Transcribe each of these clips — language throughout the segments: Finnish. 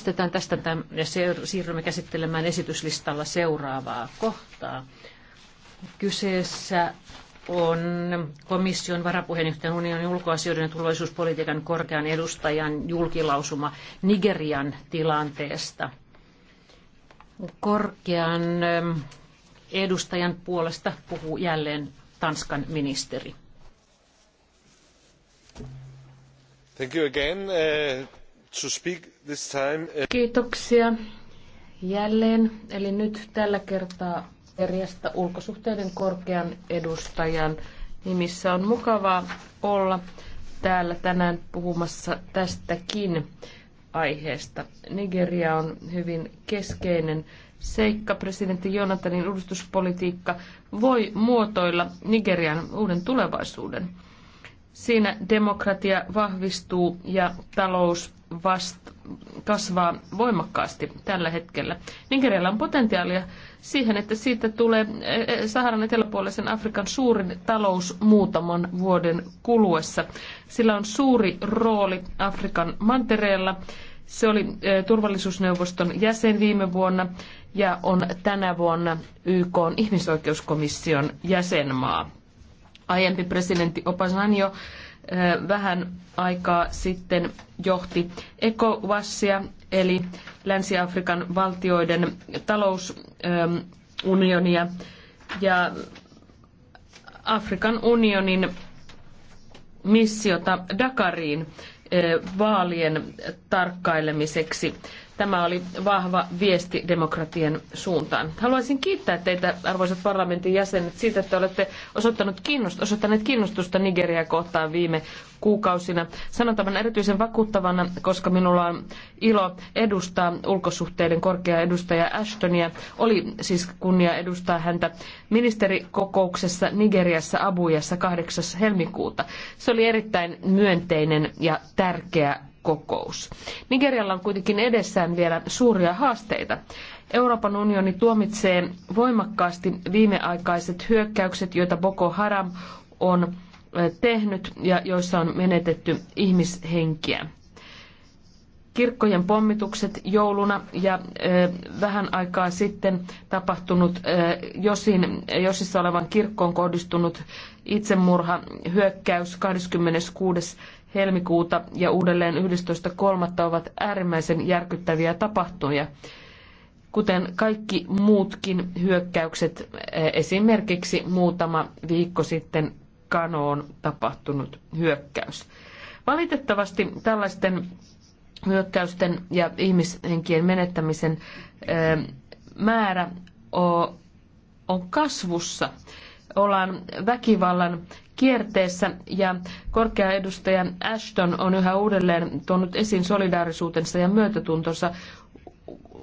Pistetään tästä tämän, ja siirrymme käsittelemään esityslistalla seuraavaa kohtaa. Kyseessä on komission varapuheenjohtajan unionin ulkoasioiden ja turvallisuuspolitiikan korkean edustajan julkilausuma Nigerian tilanteesta. Korkean ähm, edustajan puolesta puhuu jälleen Tanskan ministeri. Thank you again. Uh, to speak Eh, Kiitoksia jälleen. Eli nyt tällä kertaa järjestä ulkosuhteiden korkean edustajan nimissä on mukavaa olla täällä tänään puhumassa tästäkin aiheesta. Nigeria on hyvin keskeinen seikka. Presidentti Jonathanin uudistuspolitiikka voi muotoilla Nigerian uuden tulevaisuuden. Siinä demokratia vahvistuu ja talous vast, kasvaa voimakkaasti tällä hetkellä. Nigerialla on potentiaalia siihen, että siitä tulee eh, eh, Saharan eteläpuolisen Afrikan suurin talous muutaman vuoden kuluessa. Sillä on suuri rooli Afrikan mantereella. Se oli eh, turvallisuusneuvoston jäsen viime vuonna ja on tänä vuonna YK ihmisoikeuskomission jäsenmaa. Aiempi presidentti Opasanjo vähän aikaa sitten johti ECOWASia, eli Länsi-Afrikan valtioiden talousunionia. Ja Afrikan unionin missiota Dakariin vaalien tarkkailemiseksi. Tämä oli vahva viesti demokratian suuntaan. Haluaisin kiittää teitä, arvoisat parlamentin jäsenet, siitä, että olette osoittanut kiinnostusta, osoittaneet kiinnostusta Nigeriä kohtaan viime kuukausina. Sanon tämän erityisen vakuuttavana, koska minulla on ilo edustaa ulkosuhteiden korkea edustaja Ashtonia. Oli siis kunnia edustaa häntä ministerikokouksessa Nigeriassa Abujassa 8. helmikuuta. Se oli erittäin myönteinen ja tärkeä kokous. Nigerialla on kuitenkin edessään vielä suuria haasteita. Euroopan unioni tuomitsee voimakkaasti viimeaikaiset hyökkäykset, joita Boko Haram on tehnyt ja joissa on menetetty ihmishenkiä. Kirkkojen pommitukset jouluna ja vähän aikaa sitten tapahtunut Josin, Josissa olevan kirkkoon kohdistunut itsemurha hyökkäys 26 helmikuuta ja uudelleen 11.3. ovat äärimmäisen järkyttäviä tapahtumia, kuten kaikki muutkin hyökkäykset, eh, esimerkiksi muutama viikko sitten Kanoon tapahtunut hyökkäys. Valitettavasti tällaisten hyökkäysten ja ihmishenkien menettämisen eh, määrä on kasvussa. Ollaan väkivallan kierteessä ja korkea edustaja Ashton on yhä uudelleen tuonut esiin solidaarisuutensa ja myötätuntonsa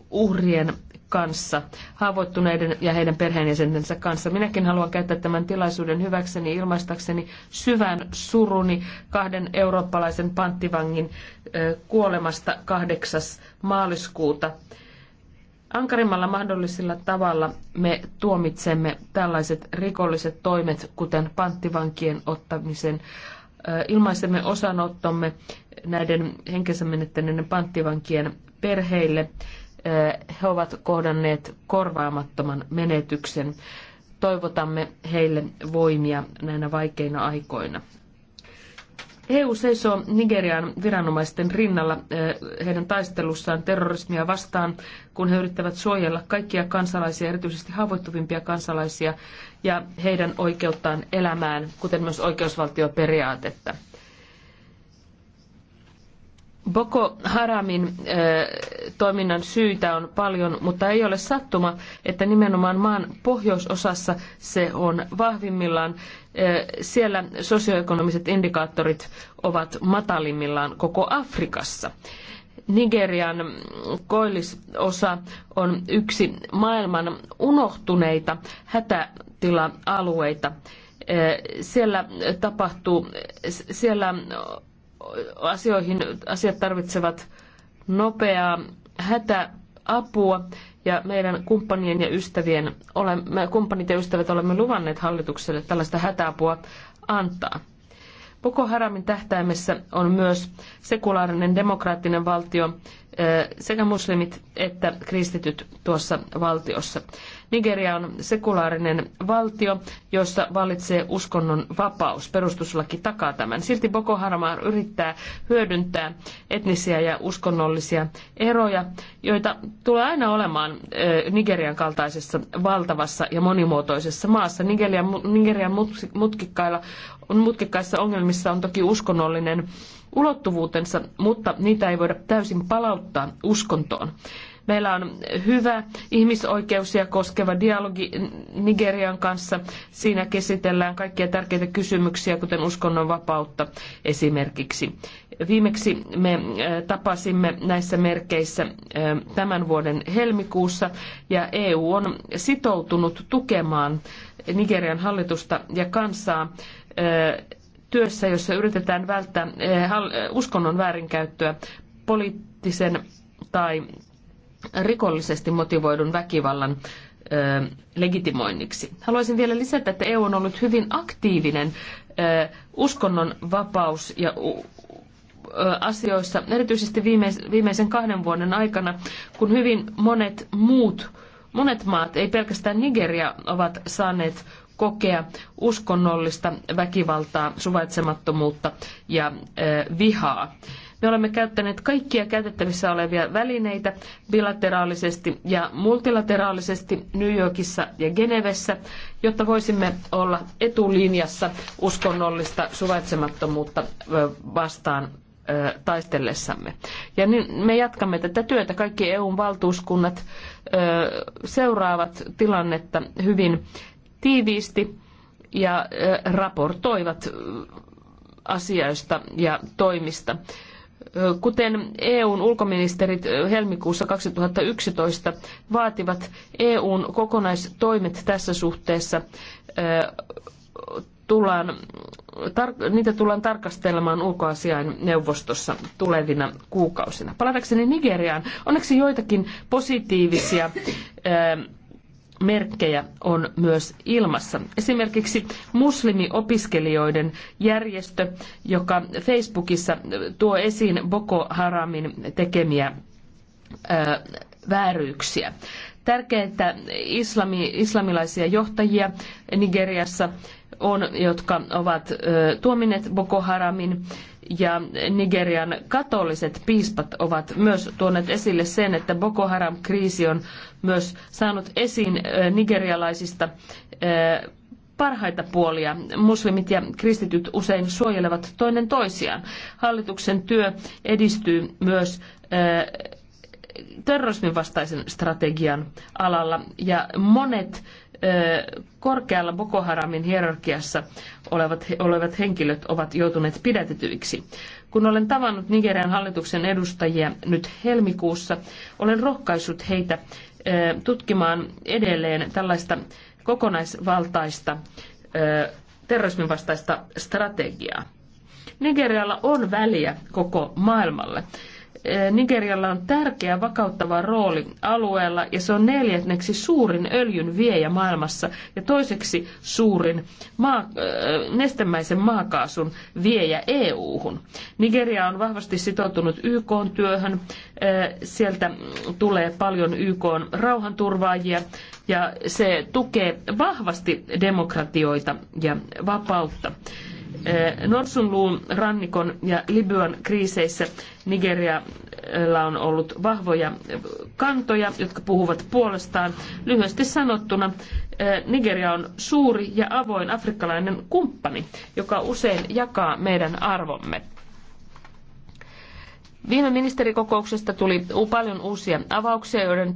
uhrien kanssa, haavoittuneiden ja heidän perheenjäsentensä kanssa. Minäkin haluan käyttää tämän tilaisuuden hyväkseni ilmaistakseni syvän suruni kahden eurooppalaisen panttivangin kuolemasta 8. maaliskuuta. Ankarimmalla mahdollisella tavalla me tuomitsemme tällaiset rikolliset toimet, kuten panttivankien ottamisen. Ilmaisemme osanottomme näiden henkensä menettäneiden panttivankien perheille. He ovat kohdanneet korvaamattoman menetyksen. Toivotamme heille voimia näinä vaikeina aikoina. EU seisoo Nigerian viranomaisten rinnalla eh, heidän taistelussaan terrorismia vastaan, kun he yrittävät suojella kaikkia kansalaisia, erityisesti haavoittuvimpia kansalaisia ja heidän oikeuttaan elämään, kuten myös oikeusvaltioperiaatetta. Boko Haramin eh, toiminnan syitä on paljon, mutta ei ole sattuma, että nimenomaan maan pohjoisosassa se on vahvimmillaan siellä sosioekonomiset indikaattorit ovat matalimmillaan koko Afrikassa. Nigerian koillisosa on yksi maailman unohtuneita hätätila-alueita. Siellä tapahtuu, siellä asioihin, asiat tarvitsevat nopeaa hätäapua ja meidän kumppanien ja ystävien, olemme, kumppanit ja ystävät olemme luvanneet hallitukselle tällaista hätäapua antaa. Boko Haramin tähtäimessä on myös sekulaarinen demokraattinen valtio eh, sekä muslimit että kristityt tuossa valtiossa. Nigeria on sekulaarinen valtio, jossa vallitsee uskonnon vapaus. Perustuslaki takaa tämän. Silti Boko Haram yrittää hyödyntää etnisiä ja uskonnollisia eroja, joita tulee aina olemaan Nigerian kaltaisessa valtavassa ja monimuotoisessa maassa. Nigerian, Nigerian mutkikkailla, mutkikkaissa ongelmissa on toki uskonnollinen ulottuvuutensa, mutta niitä ei voida täysin palauttaa uskontoon. Meillä on hyvä ihmisoikeuksia koskeva dialogi Nigerian kanssa. Siinä käsitellään kaikkia tärkeitä kysymyksiä, kuten uskonnonvapautta esimerkiksi. Viimeksi me äh, tapasimme näissä merkeissä äh, tämän vuoden helmikuussa ja EU on sitoutunut tukemaan Nigerian hallitusta ja kansaa äh, työssä, jossa yritetään välttää uskonnon väärinkäyttöä poliittisen tai rikollisesti motivoidun väkivallan ö, legitimoinniksi. Haluaisin vielä lisätä, että EU on ollut hyvin aktiivinen ö, vapaus- ja asioissa, erityisesti viimeisen kahden vuoden aikana, kun hyvin monet muut, monet maat, ei pelkästään Nigeria, ovat saaneet kokea uskonnollista väkivaltaa, suvaitsemattomuutta ja vihaa. Me olemme käyttäneet kaikkia käytettävissä olevia välineitä bilateraalisesti ja multilateraalisesti New Yorkissa ja Genevessä, jotta voisimme olla etulinjassa uskonnollista suvaitsemattomuutta vastaan taistellessamme. Ja niin me jatkamme tätä työtä. Kaikki EUn valtuuskunnat seuraavat tilannetta hyvin tiiviisti ja raportoivat asioista ja toimista. Kuten EUn ulkoministerit helmikuussa 2011 vaativat, EUn kokonaistoimet tässä suhteessa tullaan, niitä tullaan tarkastelemaan ulkoasiain neuvostossa tulevina kuukausina. Palatakseni Nigeriaan, onneksi joitakin positiivisia merkkejä on myös ilmassa. Esimerkiksi muslimiopiskelijoiden järjestö, joka Facebookissa tuo esiin Boko Haramin tekemiä ö, vääryyksiä. Tärkeää, että islami, islamilaisia johtajia Nigeriassa on, jotka ovat tuomineet Boko Haramin ja Nigerian katoliset piispat ovat myös tuoneet esille sen, että Boko Haram-kriisi on myös saanut esiin nigerialaisista parhaita puolia. Muslimit ja kristityt usein suojelevat toinen toisiaan. Hallituksen työ edistyy myös terrorismin vastaisen strategian alalla ja monet korkealla Boko Haramin hierarkiassa olevat, olevat henkilöt ovat joutuneet pidätetyiksi. Kun olen tavannut Nigerian hallituksen edustajia nyt helmikuussa, olen rohkaissut heitä tutkimaan edelleen tällaista kokonaisvaltaista terrorismin vastaista strategiaa. Nigerialla on väliä koko maailmalle. Nigerialla on tärkeä vakauttava rooli alueella ja se on neljänneksi suurin öljyn viejä maailmassa ja toiseksi suurin maa, nestemäisen maakaasun viejä EU-hun. Nigeria on vahvasti sitoutunut YK-työhön. Sieltä tulee paljon YK-rauhanturvaajia ja se tukee vahvasti demokratioita ja vapautta. Eh, Norsunluun rannikon ja Libyan kriiseissä Nigerialla on ollut vahvoja kantoja, jotka puhuvat puolestaan. Lyhyesti sanottuna eh, Nigeria on suuri ja avoin afrikkalainen kumppani, joka usein jakaa meidän arvomme. Viime ministerikokouksesta tuli paljon uusia avauksia, joiden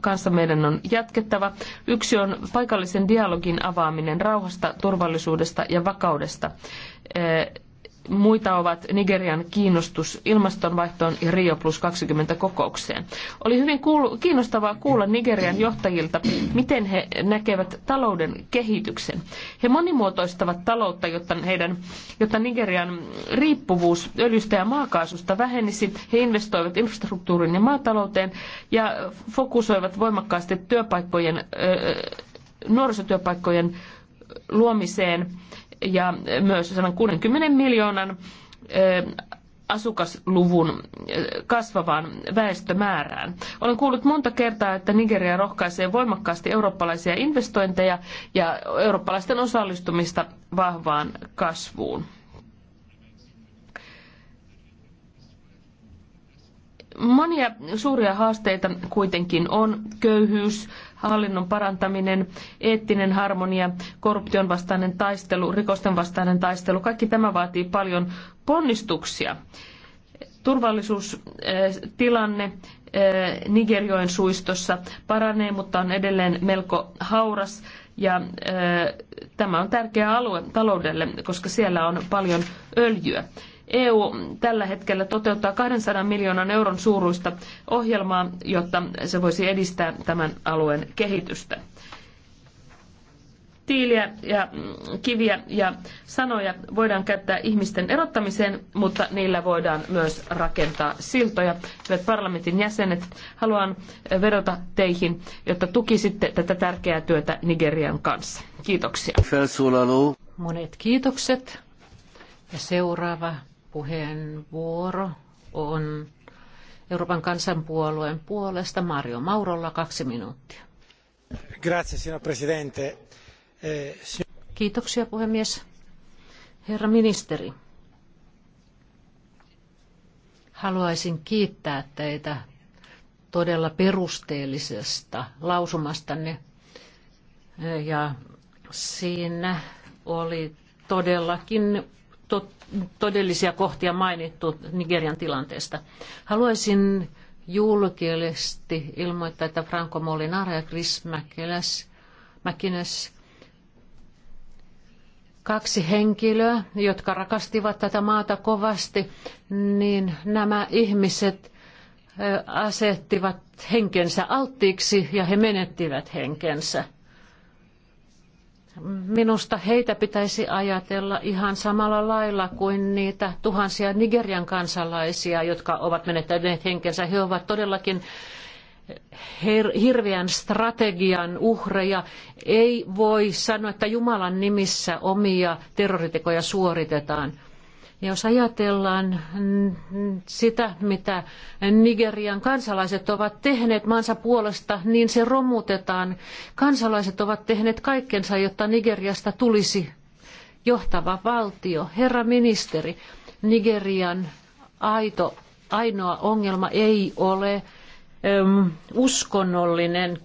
kanssa meidän on jatkettava. Yksi on paikallisen dialogin avaaminen rauhasta, turvallisuudesta ja vakaudesta. Muita ovat Nigerian kiinnostus ilmastonvaihtoon ja Rio plus 20 kokoukseen. Oli hyvin kiinnostavaa kuulla Nigerian johtajilta, miten he näkevät talouden kehityksen. He monimuotoistavat taloutta, jotta, heidän, jotta Nigerian riippuvuus öljystä ja maakaasusta vähenisi. He investoivat infrastruktuurin ja maatalouteen ja fokusoivat voimakkaasti työpaikkojen, nuorisotyöpaikkojen luomiseen ja myös 160 miljoonan asukasluvun kasvavaan väestömäärään. Olen kuullut monta kertaa, että Nigeria rohkaisee voimakkaasti eurooppalaisia investointeja ja eurooppalaisten osallistumista vahvaan kasvuun. Monia suuria haasteita kuitenkin on köyhyys, hallinnon parantaminen, eettinen harmonia, korruption vastainen taistelu, rikosten vastainen taistelu. Kaikki tämä vaatii paljon ponnistuksia. Turvallisuustilanne eh, eh, Nigerjoen suistossa paranee, mutta on edelleen melko hauras. Ja eh, tämä on tärkeä alue taloudelle, koska siellä on paljon öljyä. EU tällä hetkellä toteuttaa 200 miljoonan euron suuruista ohjelmaa, jotta se voisi edistää tämän alueen kehitystä tiiliä ja mm, kiviä ja sanoja voidaan käyttää ihmisten erottamiseen, mutta niillä voidaan myös rakentaa siltoja. Hyvät parlamentin jäsenet, haluan eh, vedota teihin, jotta tukisitte tätä tärkeää työtä Nigerian kanssa. Kiitoksia. Monet kiitokset. Ja seuraava puheenvuoro on Euroopan kansanpuolueen puolesta Mario Maurolla kaksi minuuttia. Grazie, signor presidente. Eh, Kiitoksia puhemies. Herra ministeri, haluaisin kiittää teitä todella perusteellisesta lausumastanne. Ja siinä oli todellakin todellisia kohtia mainittu Nigerian tilanteesta. Haluaisin julkisesti ilmoittaa, että Franco Molinara ja Chris Mäkinäs, kaksi henkilöä, jotka rakastivat tätä maata kovasti, niin nämä ihmiset asettivat henkensä alttiiksi ja he menettivät henkensä. Minusta heitä pitäisi ajatella ihan samalla lailla kuin niitä tuhansia Nigerian kansalaisia, jotka ovat menettäneet henkensä. He ovat todellakin hirveän strategian uhreja. Ei voi sanoa, että Jumalan nimissä omia terroritekoja suoritetaan. Ja jos ajatellaan sitä, mitä Nigerian kansalaiset ovat tehneet maansa puolesta, niin se romutetaan. Kansalaiset ovat tehneet kaikkensa, jotta Nigeriasta tulisi johtava valtio. Herra ministeri, Nigerian aito, ainoa ongelma ei ole uskonnollinen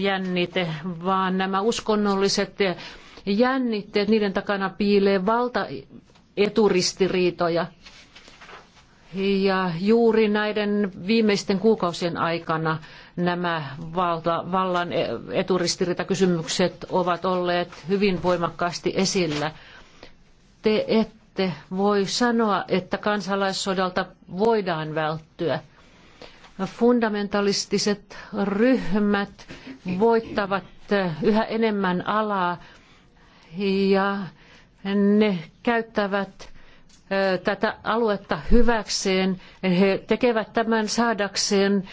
jännite, vaan nämä uskonnolliset jännitteet, niiden takana piilee valta eturistiriitoja. Ja juuri näiden viimeisten kuukausien aikana nämä valta, vallan eturistiriitakysymykset ovat olleet hyvin voimakkaasti esillä. Te ette voi sanoa, että kansalaissodalta voidaan välttyä. Fundamentalistiset ryhmät voittavat yhä enemmän alaa ja ne käyttävät tätä aluetta hyväkseen. He tekevät tämän saadakseen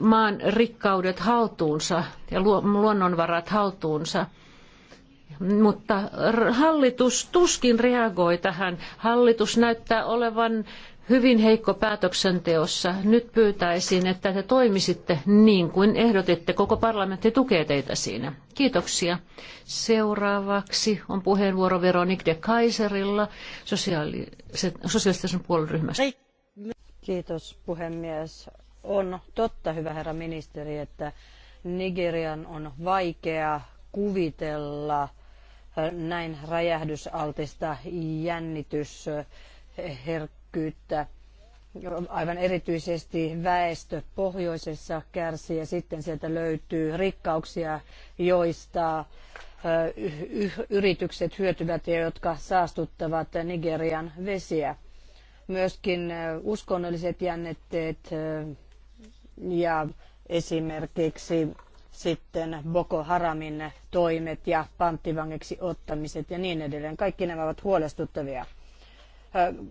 maan rikkaudet haltuunsa ja luonnonvarat haltuunsa. Mutta hallitus tuskin reagoi tähän. Hallitus näyttää olevan hyvin heikko päätöksenteossa. Nyt pyytäisin, että te toimisitte niin kuin ehdotitte. Koko parlamentti tukee teitä siinä. Kiitoksia. Seuraavaksi on puheenvuoro Veronik de Kaiserilla sosiaalisten puolueryhmästä. Kiitos puhemies. On totta, hyvä herra ministeri, että Nigerian on vaikea kuvitella näin räjähdysaltista jännitys herkkyyttä. Aivan erityisesti väestö pohjoisessa kärsii ja sitten sieltä löytyy rikkauksia, joista yritykset hyötyvät ja jotka saastuttavat Nigerian vesiä. Myöskin uskonnolliset jännitteet ja esimerkiksi sitten Boko Haramin toimet ja panttivangiksi ottamiset ja niin edelleen. Kaikki nämä ovat huolestuttavia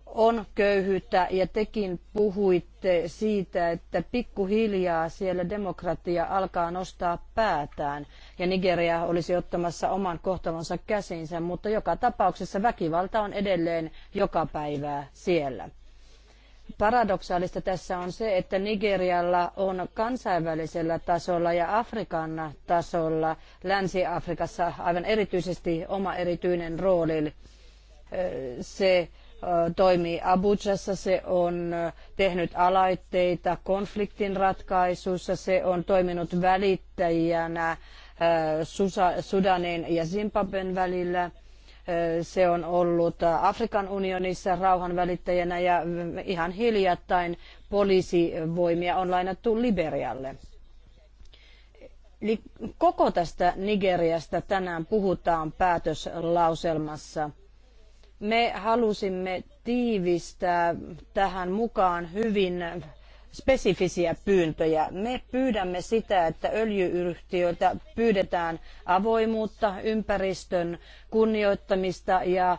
on köyhyyttä ja tekin puhuitte siitä, että pikkuhiljaa siellä demokratia alkaa nostaa päätään ja Nigeria olisi ottamassa oman kohtalonsa käsinsä, mutta joka tapauksessa väkivalta on edelleen joka päivää siellä. Paradoksaalista tässä on se, että Nigerialla on kansainvälisellä tasolla ja Afrikan tasolla, Länsi-Afrikassa aivan erityisesti oma erityinen rooli. Se toimii Abujassa, se on tehnyt alaitteita konfliktin ratkaisussa, se on toiminut välittäjänä Sudanin ja Zimbabwen välillä. Se on ollut Afrikan unionissa rauhanvälittäjänä ja ihan hiljattain poliisivoimia on lainattu Liberialle. Eli koko tästä Nigeriasta tänään puhutaan päätöslauselmassa – me halusimme tiivistää tähän mukaan hyvin spesifisiä pyyntöjä. Me pyydämme sitä, että öljyyhtiöiltä pyydetään avoimuutta, ympäristön kunnioittamista ja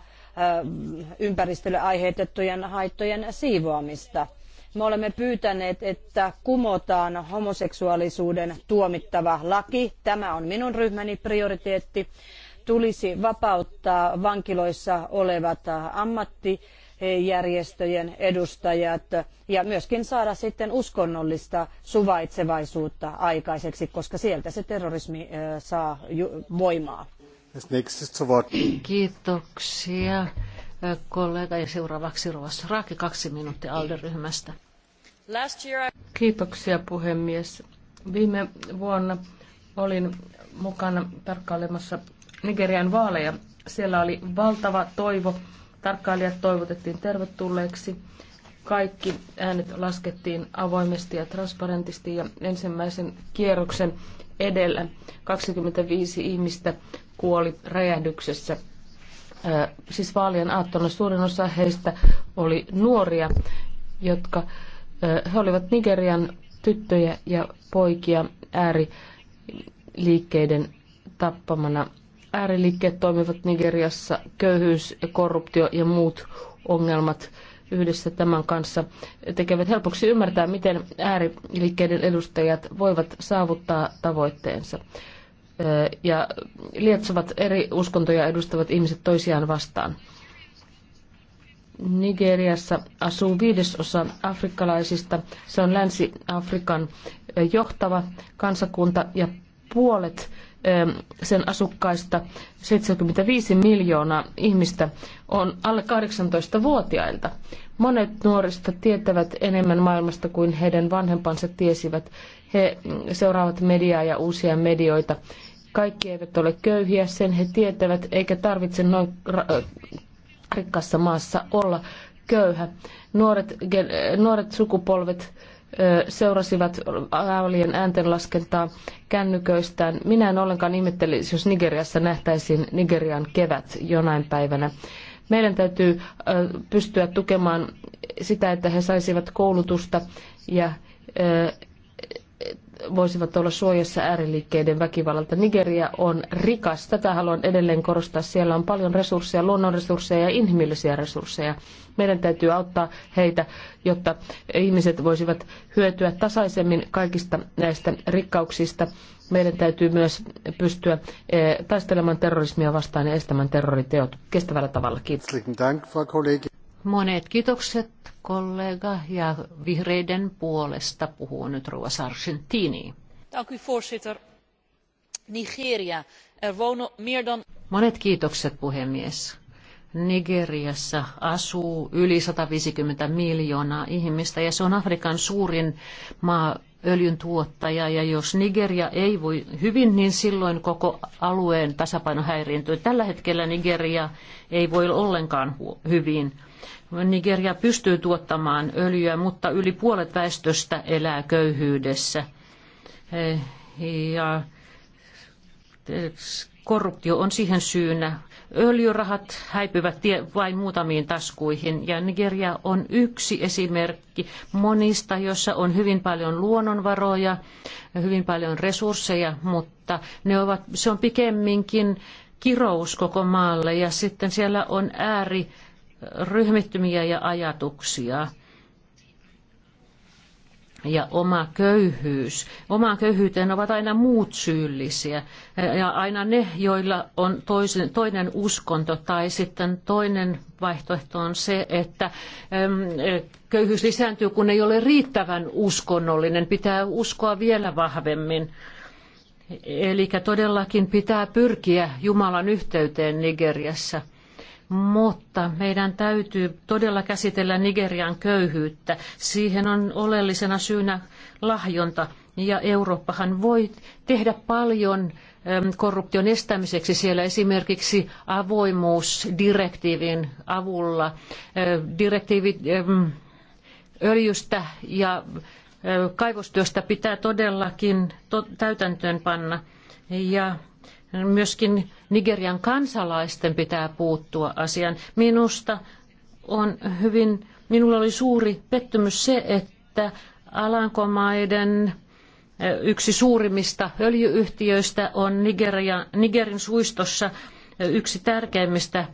ympäristölle aiheutettujen haittojen siivoamista. Me olemme pyytäneet, että kumotaan homoseksuaalisuuden tuomittava laki. Tämä on minun ryhmäni prioriteetti tulisi vapauttaa vankiloissa olevat äh, ammattijärjestöjen edustajat ja myöskin saada sitten uskonnollista suvaitsevaisuutta aikaiseksi, koska sieltä se terrorismi äh, saa voimaa. Kiitoksia äh, kollega ja seuraavaksi Rovas Raaki, kaksi minuuttia ALDE-ryhmästä. Kiitoksia puhemies. Viime vuonna olin mukana tarkkailemassa Nigerian vaaleja. Siellä oli valtava toivo. Tarkkailijat toivotettiin tervetulleeksi. Kaikki äänet laskettiin avoimesti ja transparentisti ja ensimmäisen kierroksen edellä 25 ihmistä kuoli räjähdyksessä siis vaalien aattona suurin osa heistä oli nuoria, jotka he olivat Nigerian tyttöjä ja poikia ääriliikkeiden tappamana Ääriliikkeet toimivat Nigeriassa, köyhyys, korruptio ja muut ongelmat yhdessä tämän kanssa tekevät helpoksi ymmärtää, miten ääriliikkeiden edustajat voivat saavuttaa tavoitteensa ja lietsovat eri uskontoja edustavat ihmiset toisiaan vastaan. Nigeriassa asuu viidesosa afrikkalaisista. Se on Länsi-Afrikan johtava kansakunta ja puolet sen asukkaista 75 miljoonaa ihmistä on alle 18-vuotiailta. Monet nuorista tietävät enemmän maailmasta kuin heidän vanhempansa tiesivät. He seuraavat mediaa ja uusia medioita. Kaikki eivät ole köyhiä, sen he tietävät, eikä tarvitse noin rikkaassa maassa olla köyhä. Nuoret, nuoret sukupolvet seurasivat aalien ääntenlaskentaa kännyköistään. Minä en ollenkaan ihmettelisi, jos Nigeriassa nähtäisiin Nigerian kevät jonain päivänä. Meidän täytyy pystyä tukemaan sitä, että he saisivat koulutusta ja voisivat olla suojassa ääriliikkeiden väkivallalta. Nigeria on rikas, tätä haluan edelleen korostaa. Siellä on paljon resursseja, luonnonresursseja ja inhimillisiä resursseja. Meidän täytyy auttaa heitä, jotta ihmiset voisivat hyötyä tasaisemmin kaikista näistä rikkauksista. Meidän täytyy myös pystyä eh, taistelemaan terrorismia vastaan ja estämään terroriteot kestävällä tavalla. Kiitos. Monet kiitokset kollega ja vihreiden puolesta puhuu nyt Rova Sargentini. Dank u voorzitter. Nigeria. Er wonen meer dan... Monet kiitokset puhemies. Nigeriassa asuu yli 150 miljoonaa ihmistä ja se on Afrikan suurin maa öljyn tuottaja ja jos Nigeria ei voi hyvin, niin silloin koko alueen tasapaino häiriintyy. Tällä hetkellä Nigeria ei voi ollenkaan hyvin. Nigeria pystyy tuottamaan öljyä, mutta yli puolet väestöstä elää köyhyydessä. Eh, ja eh, korruptio on siihen syynä. Öljyrahat häipyvät vain muutamiin taskuihin ja Nigeria on yksi esimerkki monista, jossa on hyvin paljon luonnonvaroja, hyvin paljon resursseja, mutta ne ovat, se on pikemminkin kirous koko maalle ja sitten siellä on ääri ryhmittymiä ja ajatuksia ja oma köyhyys. Omaan köyhyyteen ovat aina muut syyllisiä ja aina ne, joilla on toisen, toinen uskonto tai sitten toinen vaihtoehto on se, että köyhyys lisääntyy, kun ei ole riittävän uskonnollinen. Pitää uskoa vielä vahvemmin. Eli todellakin pitää pyrkiä Jumalan yhteyteen Nigeriassa – mutta meidän täytyy todella käsitellä Nigerian köyhyyttä. Siihen on oleellisena syynä lahjonta, ja Eurooppahan voi tehdä paljon korruption estämiseksi siellä esimerkiksi avoimuusdirektiivin avulla. Direktiivi öljystä ja kaivostyöstä pitää todellakin täytäntöön panna. Ja Myöskin Nigerian kansalaisten pitää puuttua asiaan. Minusta on hyvin, minulla oli suuri pettymys se, että Alankomaiden eh, yksi suurimmista öljyyhtiöistä on Nigeria, Nigerin suistossa eh, yksi tärkeimmistä eh,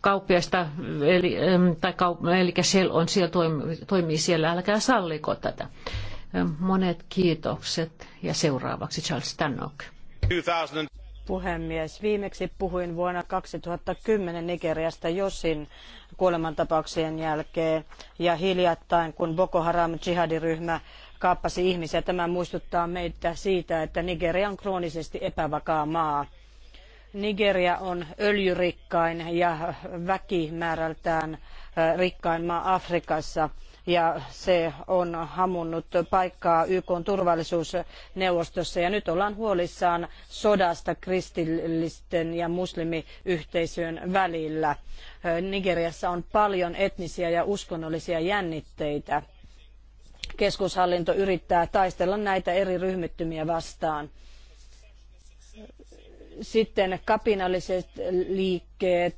kauppiaista, eli, tai kaup- eli Shell on siellä, toimii siellä, älkää salliko tätä. Monet kiitokset ja seuraavaksi Charles Tannock puhemies. Viimeksi puhuin vuonna 2010 Nigeriasta Josin kuolemantapauksien jälkeen ja hiljattain, kun Boko Haram jihadiryhmä kaappasi ihmisiä. Tämä muistuttaa meitä siitä, että Nigeria on kroonisesti epävakaa maa. Nigeria on öljyrikkain ja väkimäärältään äh, rikkain maa Afrikassa – ja se on hamunnut paikkaa YK turvallisuusneuvostossa ja nyt ollaan huolissaan sodasta kristillisten ja muslimiyhteisöjen välillä. Nigeriassa on paljon etnisiä ja uskonnollisia jännitteitä. Keskushallinto yrittää taistella näitä eri ryhmittymiä vastaan sitten kapinalliset liikkeet,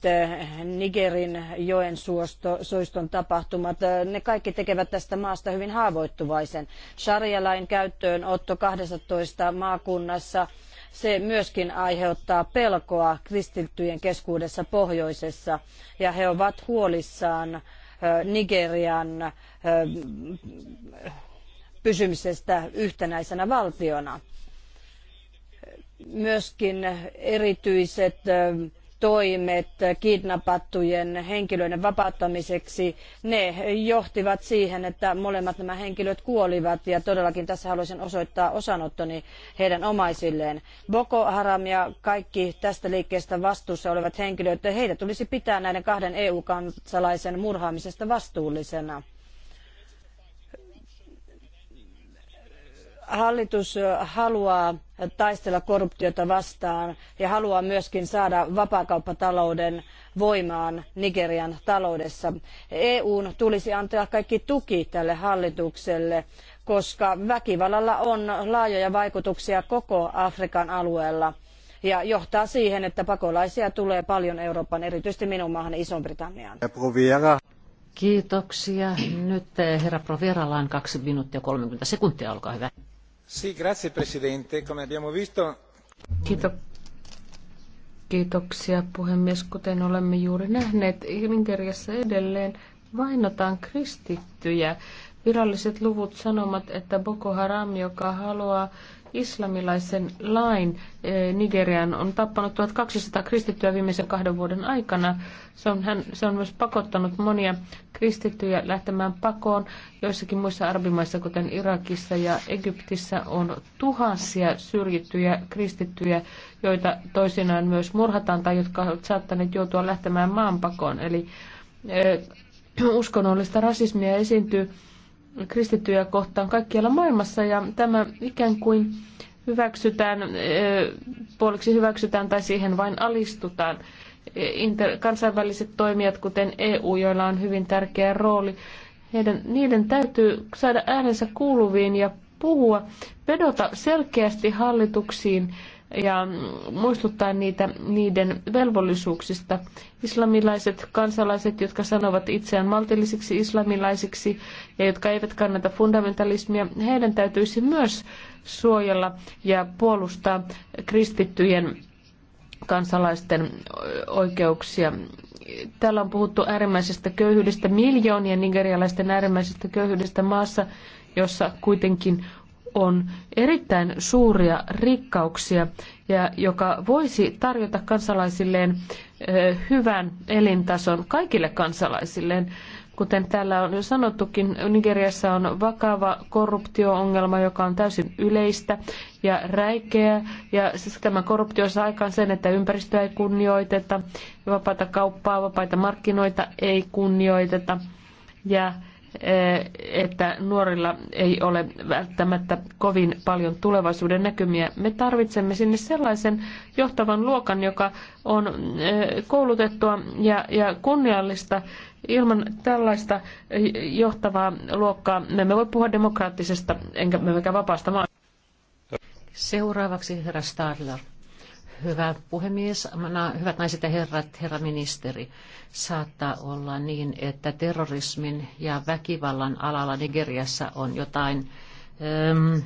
Nigerin joen suosto, suiston tapahtumat, ne kaikki tekevät tästä maasta hyvin haavoittuvaisen. Sharia-lain käyttöönotto 12 maakunnassa, se myöskin aiheuttaa pelkoa kristittyjen keskuudessa pohjoisessa ja he ovat huolissaan Nigerian pysymisestä yhtenäisenä valtiona myöskin erityiset toimet kidnappattujen henkilöiden vapauttamiseksi, ne johtivat siihen, että molemmat nämä henkilöt kuolivat ja todellakin tässä haluaisin osoittaa osanottoni heidän omaisilleen. Boko Haram ja kaikki tästä liikkeestä vastuussa olevat henkilöt, heitä tulisi pitää näiden kahden EU-kansalaisen murhaamisesta vastuullisena Hallitus haluaa taistella korruptiota vastaan ja haluaa myöskin saada vapaakauppatalouden voimaan Nigerian taloudessa. EUn tulisi antaa kaikki tuki tälle hallitukselle, koska väkivallalla on laajoja vaikutuksia koko Afrikan alueella ja johtaa siihen, että pakolaisia tulee paljon Euroopan, erityisesti minun maahan Iso-Britanniaan. Kiitoksia. Nyt eh, herra Proveralla on kaksi minuuttia 30 sekuntia, olkaa hyvä. Grazie Presidente. Come abbiamo visto... Kiitoksia puhemies. Kuten olemme juuri nähneet, ilminkirjassa edelleen vainotaan kristittyjä. Viralliset luvut sanomat, että Boko Haram, joka haluaa islamilaisen lain e, Nigerian on tappanut 1200 kristittyä viimeisen kahden vuoden aikana. Se on, hän, se on myös pakottanut monia kristittyjä lähtemään pakoon. Joissakin muissa arabimaissa, kuten Irakissa ja Egyptissä, on tuhansia syrjittyjä kristittyjä, joita toisinaan myös murhataan tai jotka ovat saattaneet joutua lähtemään maanpakoon. Eli e, uskonnollista rasismia esiintyy kristittyjä kohtaan kaikkialla maailmassa ja tämä ikään kuin hyväksytään, puoliksi hyväksytään tai siihen vain alistutaan. Inter- kansainväliset toimijat, kuten EU, joilla on hyvin tärkeä rooli, heidän, niiden täytyy saada äänensä kuuluviin ja puhua, vedota selkeästi hallituksiin ja muistuttaa niitä niiden velvollisuuksista. Islamilaiset kansalaiset, jotka sanovat itseään maltillisiksi islamilaisiksi ja jotka eivät kannata fundamentalismia, heidän täytyisi myös suojella ja puolustaa kristittyjen kansalaisten oikeuksia. Täällä on puhuttu äärimmäisestä köyhyydestä, miljoonien nigerialaisten äärimmäisestä köyhyydestä maassa, jossa kuitenkin on erittäin suuria rikkauksia ja joka voisi tarjota kansalaisilleen hyvän elintason kaikille kansalaisilleen. Kuten täällä on jo sanottukin, Nigeriassa on vakava korruptioongelma, joka on täysin yleistä ja räikeä. Ja siis tämä korruptio saa aikaan sen, että ympäristöä ei kunnioiteta, vapaata kauppaa, vapaita markkinoita ei kunnioiteta. Ja Eh, että nuorilla ei ole välttämättä kovin paljon tulevaisuuden näkymiä. Me tarvitsemme sinne sellaisen johtavan luokan, joka on eh, koulutettua ja, ja kunniallista. Ilman tällaista eh, johtavaa luokkaa me emme voi puhua demokraattisesta enkä me vapaasta maasta. Seuraavaksi herra Stadler. Hyvä puhemies, hyvät naiset ja herrat, herra ministeri, saattaa olla niin, että terrorismin ja väkivallan alalla Nigeriassa on jotain äm,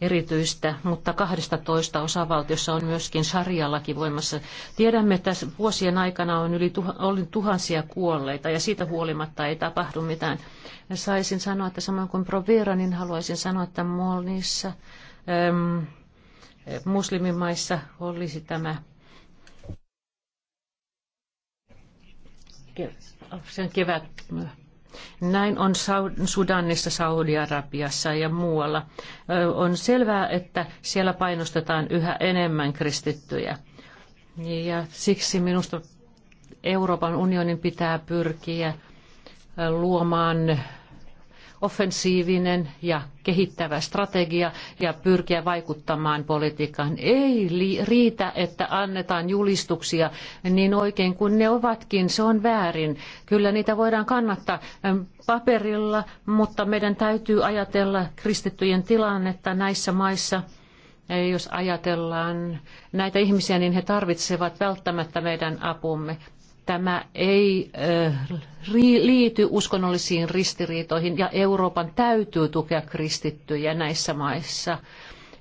erityistä, mutta 12 osavaltiossa on myöskin sarjallakin voimassa. Tiedämme, että vuosien aikana on yli tuha, ollut tuhansia kuolleita ja siitä huolimatta ei tapahdu mitään. Saisin sanoa, että samoin kuin Provera, niin haluaisin sanoa, että Molnissa... Äm, muslimimaissa olisi tämä sen kevät. Näin on Sudanissa, Saudi-Arabiassa ja muualla. On selvää, että siellä painostetaan yhä enemmän kristittyjä. Ja siksi minusta Euroopan unionin pitää pyrkiä luomaan offensiivinen ja kehittävä strategia ja pyrkiä vaikuttamaan politiikkaan. Ei riitä, että annetaan julistuksia niin oikein kuin ne ovatkin, se on väärin. Kyllä niitä voidaan kannattaa paperilla, mutta meidän täytyy ajatella kristittyjen tilannetta näissä maissa jos ajatellaan näitä ihmisiä, niin he tarvitsevat välttämättä meidän apumme. Tämä ei eh, liity uskonnollisiin ristiriitoihin ja Euroopan täytyy tukea kristittyjä näissä maissa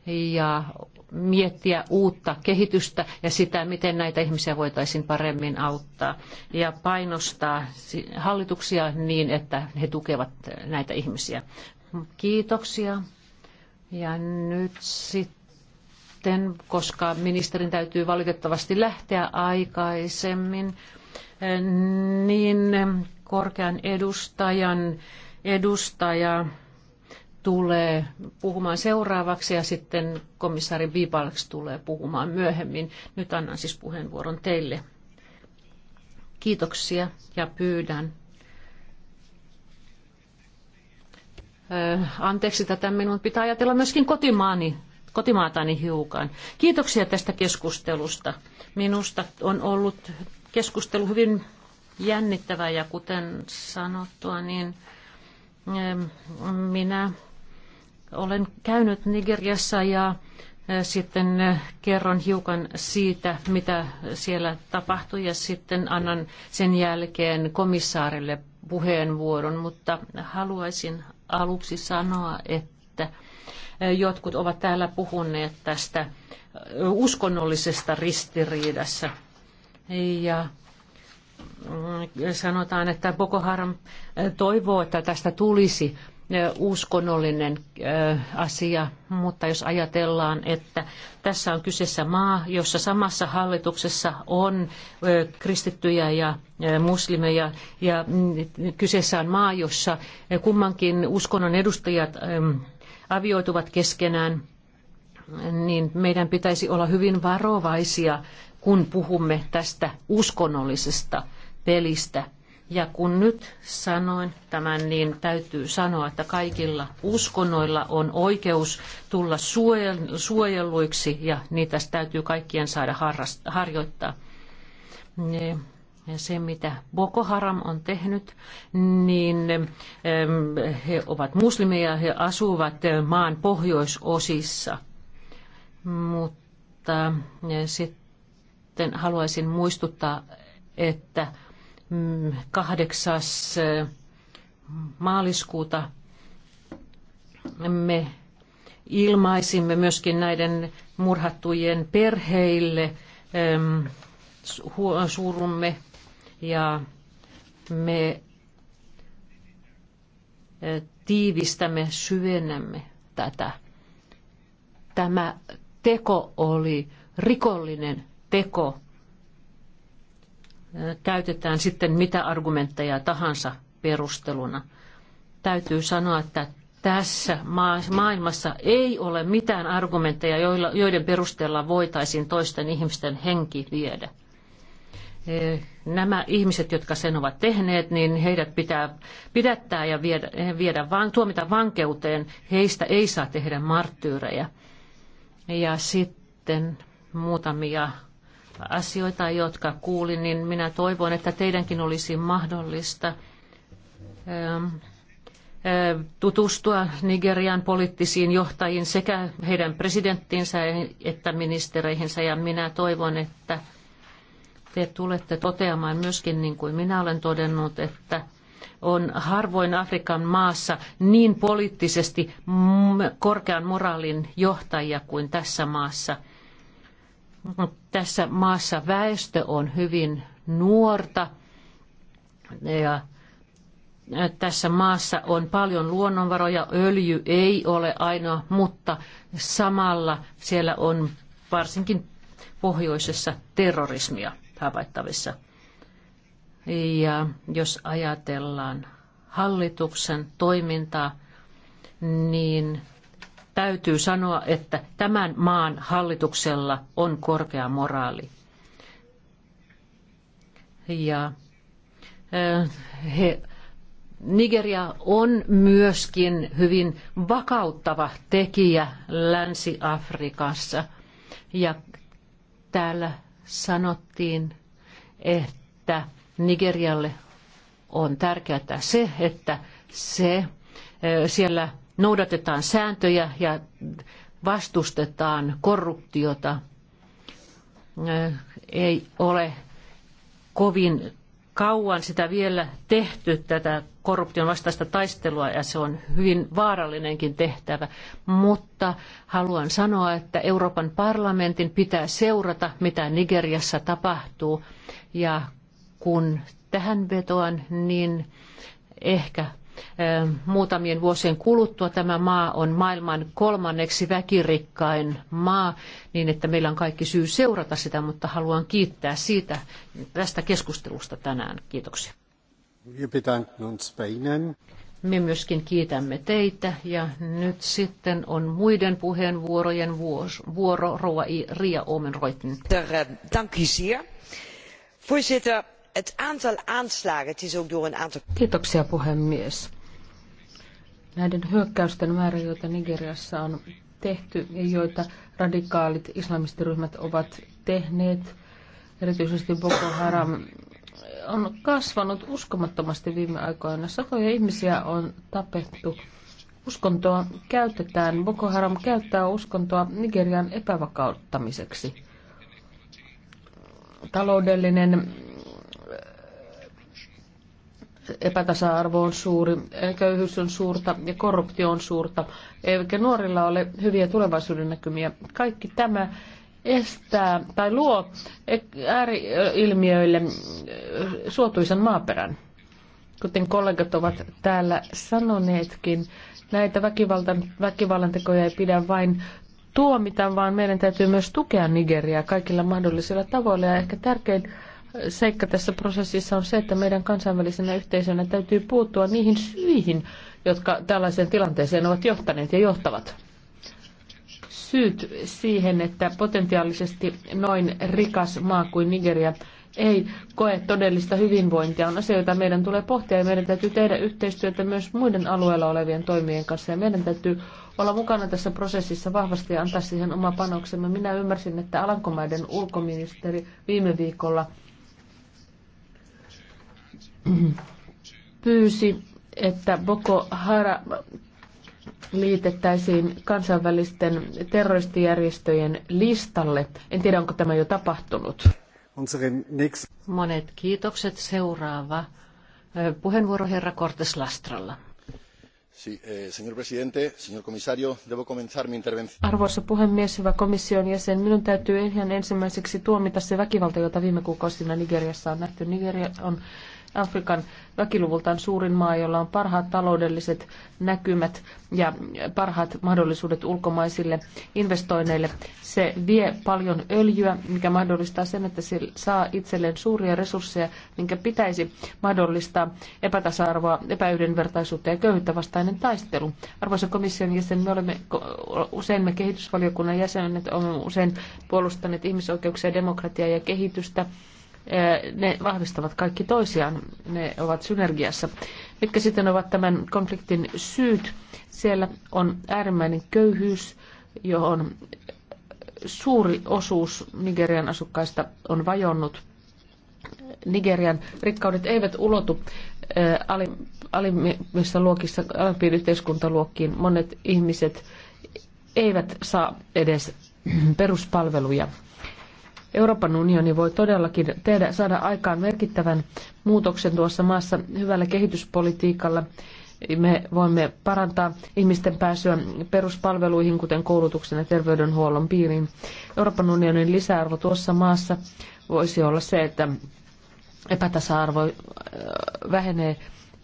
ja miettiä uutta kehitystä ja sitä, miten näitä ihmisiä voitaisiin paremmin auttaa ja painostaa hallituksia niin, että he tukevat näitä ihmisiä. Kiitoksia. Ja nyt sitten, koska ministerin täytyy valitettavasti lähteä aikaisemmin, niin korkean edustajan edustaja tulee puhumaan seuraavaksi ja sitten komissaari Bibalks tulee puhumaan myöhemmin. Nyt annan siis puheenvuoron teille. Kiitoksia ja pyydän anteeksi tätä, minun pitää ajatella myöskin kotimaani, kotimaatani hiukan. Kiitoksia tästä keskustelusta. Minusta on ollut keskustelu hyvin jännittävä ja kuten sanottua, niin minä olen käynyt Nigeriassa ja sitten kerron hiukan siitä, mitä siellä tapahtui ja sitten annan sen jälkeen komissaarille puheenvuoron, mutta haluaisin aluksi sanoa, että jotkut ovat täällä puhuneet tästä uskonnollisesta ristiriidassa ja mm, sanotaan, että Boko Haram toivoo, että tästä tulisi uskonnollinen asia, mutta jos ajatellaan, että tässä on kyseessä maa, jossa samassa hallituksessa on kristittyjä ja muslimeja, ja mm, kyseessä on maa, jossa kummankin uskonnon edustajat avioituvat keskenään, niin meidän pitäisi olla hyvin varovaisia kun puhumme tästä uskonnollisesta pelistä. Ja kun nyt sanoin tämän, niin täytyy sanoa, että kaikilla uskonnoilla on oikeus tulla suojelluiksi ja niitä täytyy kaikkien saada harjoittaa. Ja se, mitä Boko Haram on tehnyt, niin he ovat muslimeja, he asuvat eh, maan pohjoisosissa. Mutta eh, sitten sitten haluaisin muistuttaa, että 8. Mm, eh, maaliskuuta me ilmaisimme myöskin näiden murhattujen perheille surumme ja me eh, tiivistämme, syvennämme tätä. Tämä teko oli rikollinen teko käytetään sitten mitä argumentteja tahansa perusteluna. Täytyy sanoa, että tässä maailmassa ei ole mitään argumentteja, joiden perusteella voitaisiin toisten ihmisten henki viedä. E, nämä ihmiset, jotka sen ovat tehneet, niin heidät pitää pidättää ja viedä, viedä tuomita vankeuteen. Heistä ei saa tehdä marttyyrejä. Ja sitten muutamia asioita, jotka kuulin, niin minä toivon, että teidänkin olisi mahdollista ähm, äh, tutustua Nigerian poliittisiin johtajiin sekä heidän presidenttiinsä että ministereihinsä. Ja minä toivon, että te tulette toteamaan myöskin, niin kuin minä olen todennut, että on harvoin Afrikan maassa niin poliittisesti korkean moraalin johtajia kuin tässä maassa – No, tässä maassa väestö on hyvin nuorta ja tässä maassa on paljon luonnonvaroja, öljy ei ole ainoa, mutta samalla siellä on varsinkin pohjoisessa terrorismia havaittavissa. Ja jos ajatellaan hallituksen toimintaa, niin täytyy sanoa, että tämän maan hallituksella on korkea moraali. Ja eh, he, Nigeria on myöskin hyvin vakauttava tekijä Länsi-Afrikassa. Ja täällä sanottiin, että Nigerialle on tärkeää se, että se eh, siellä noudatetaan sääntöjä ja vastustetaan korruptiota, ei ole kovin kauan sitä vielä tehty, tätä korruption vastaista taistelua, ja se on hyvin vaarallinenkin tehtävä. Mutta haluan sanoa, että Euroopan parlamentin pitää seurata, mitä Nigeriassa tapahtuu, ja kun tähän vetoan, niin ehkä muutamien vuosien kuluttua tämä maa on maailman kolmanneksi väkirikkain maa, niin että meillä on kaikki syy seurata sitä, mutta haluan kiittää siitä tästä keskustelusta tänään. Kiitoksia. Me myöskin kiitämme teitä ja nyt sitten on muiden puheenvuorojen vuoro Rouva Ria Omenroitin. Dank u zeer. Voorzitter, Kiitoksia puhemies. Näiden hyökkäysten määrä, joita Nigeriassa on tehty ja joita radikaalit islamistiryhmät ovat tehneet, erityisesti Boko Haram, on kasvanut uskomattomasti viime aikoina. Satoja ihmisiä on tapettu. Uskontoa käytetään. Boko Haram käyttää uskontoa Nigerian epävakauttamiseksi. Taloudellinen epätasa-arvo on suuri, köyhyys on suurta ja korruptio on suurta, eikä nuorilla ole hyviä tulevaisuuden näkymiä. Kaikki tämä estää tai luo ääriilmiöille suotuisan maaperän. Kuten kollegat ovat täällä sanoneetkin, näitä väkivallan, väkivallan tekoja ei pidä vain tuomita, vaan meidän täytyy myös tukea Nigeriaa kaikilla mahdollisilla tavoilla. Ja ehkä tärkein seikka tässä prosessissa on se, että meidän kansainvälisenä yhteisönä täytyy puuttua niihin syihin, jotka tällaiseen tilanteeseen ovat johtaneet ja johtavat. Syyt siihen, että potentiaalisesti noin rikas maa kuin Nigeria ei koe todellista hyvinvointia, on asia, jota meidän tulee pohtia ja meidän täytyy tehdä yhteistyötä myös muiden alueella olevien toimien kanssa ja meidän täytyy olla mukana tässä prosessissa vahvasti ja antaa siihen oma panoksemme. Minä ymmärsin, että Alankomaiden ulkoministeri viime viikolla pyysi, että Boko Haram liitettäisiin kansainvälisten terroristijärjestöjen listalle. En tiedä, onko tämä jo tapahtunut. Monet kiitokset. Seuraava puheenvuoro herra Cortes Lastralla. Eh, Arvoisa puhemies, hyvä komission jäsen, minun täytyy ihan ensimmäiseksi tuomita se väkivalta, jota viime kuukausina Nigeriassa on nähty. Nigeria on Afrikan väkiluvultaan suurin maa, jolla on parhaat taloudelliset näkymät ja parhaat mahdollisuudet ulkomaisille investoinneille. Se vie paljon öljyä, mikä mahdollistaa sen, että se saa itselleen suuria resursseja, minkä pitäisi mahdollistaa epätasa-arvoa, epäyhdenvertaisuutta ja köyhyyttä vastainen taistelu. Arvoisa komission jäsen, me olemme usein me kehitysvaliokunnan jäsenet olemme usein puolustaneet ihmisoikeuksia, demokratiaa ja kehitystä ne vahvistavat kaikki toisiaan, ne ovat synergiassa. Mitkä sitten ovat tämän konfliktin syyt? Siellä on äärimmäinen köyhyys, johon suuri osuus Nigerian asukkaista on vajonnut. Nigerian rikkaudet eivät ulotu alimmissa luokissa, alimpiin yhteiskuntaluokkiin. Monet ihmiset eivät saa edes peruspalveluja Euroopan unioni voi todellakin tehdä, saada aikaan merkittävän muutoksen tuossa maassa hyvällä kehityspolitiikalla. Me voimme parantaa ihmisten pääsyä peruspalveluihin, kuten koulutuksen ja terveydenhuollon piiriin. Euroopan unionin lisäarvo tuossa maassa voisi olla se, että epätasa-arvo äh, vähenee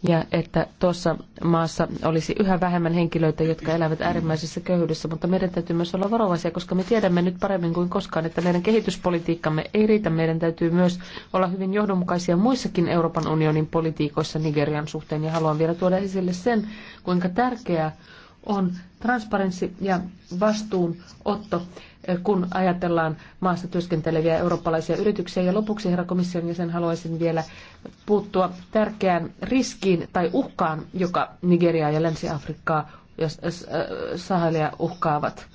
ja että tuossa maassa olisi yhä vähemmän henkilöitä, jotka elävät äärimmäisessä köyhyydessä, mutta meidän täytyy myös olla varovaisia, koska me tiedämme nyt paremmin kuin koskaan, että meidän kehityspolitiikkamme ei riitä. Meidän täytyy myös olla hyvin johdonmukaisia muissakin Euroopan unionin politiikoissa Nigerian suhteen ja haluan vielä tuoda esille sen, kuinka tärkeää on transparenssi ja vastuunotto, eh, kun ajatellaan maassa työskenteleviä eurooppalaisia yrityksiä. Ja lopuksi, herra komission jäsen, haluaisin vielä puuttua tärkeään riskiin tai uhkaan, joka Nigeriaa ja Länsi-Afrikkaa ja eh, Sahelia uhkaavat.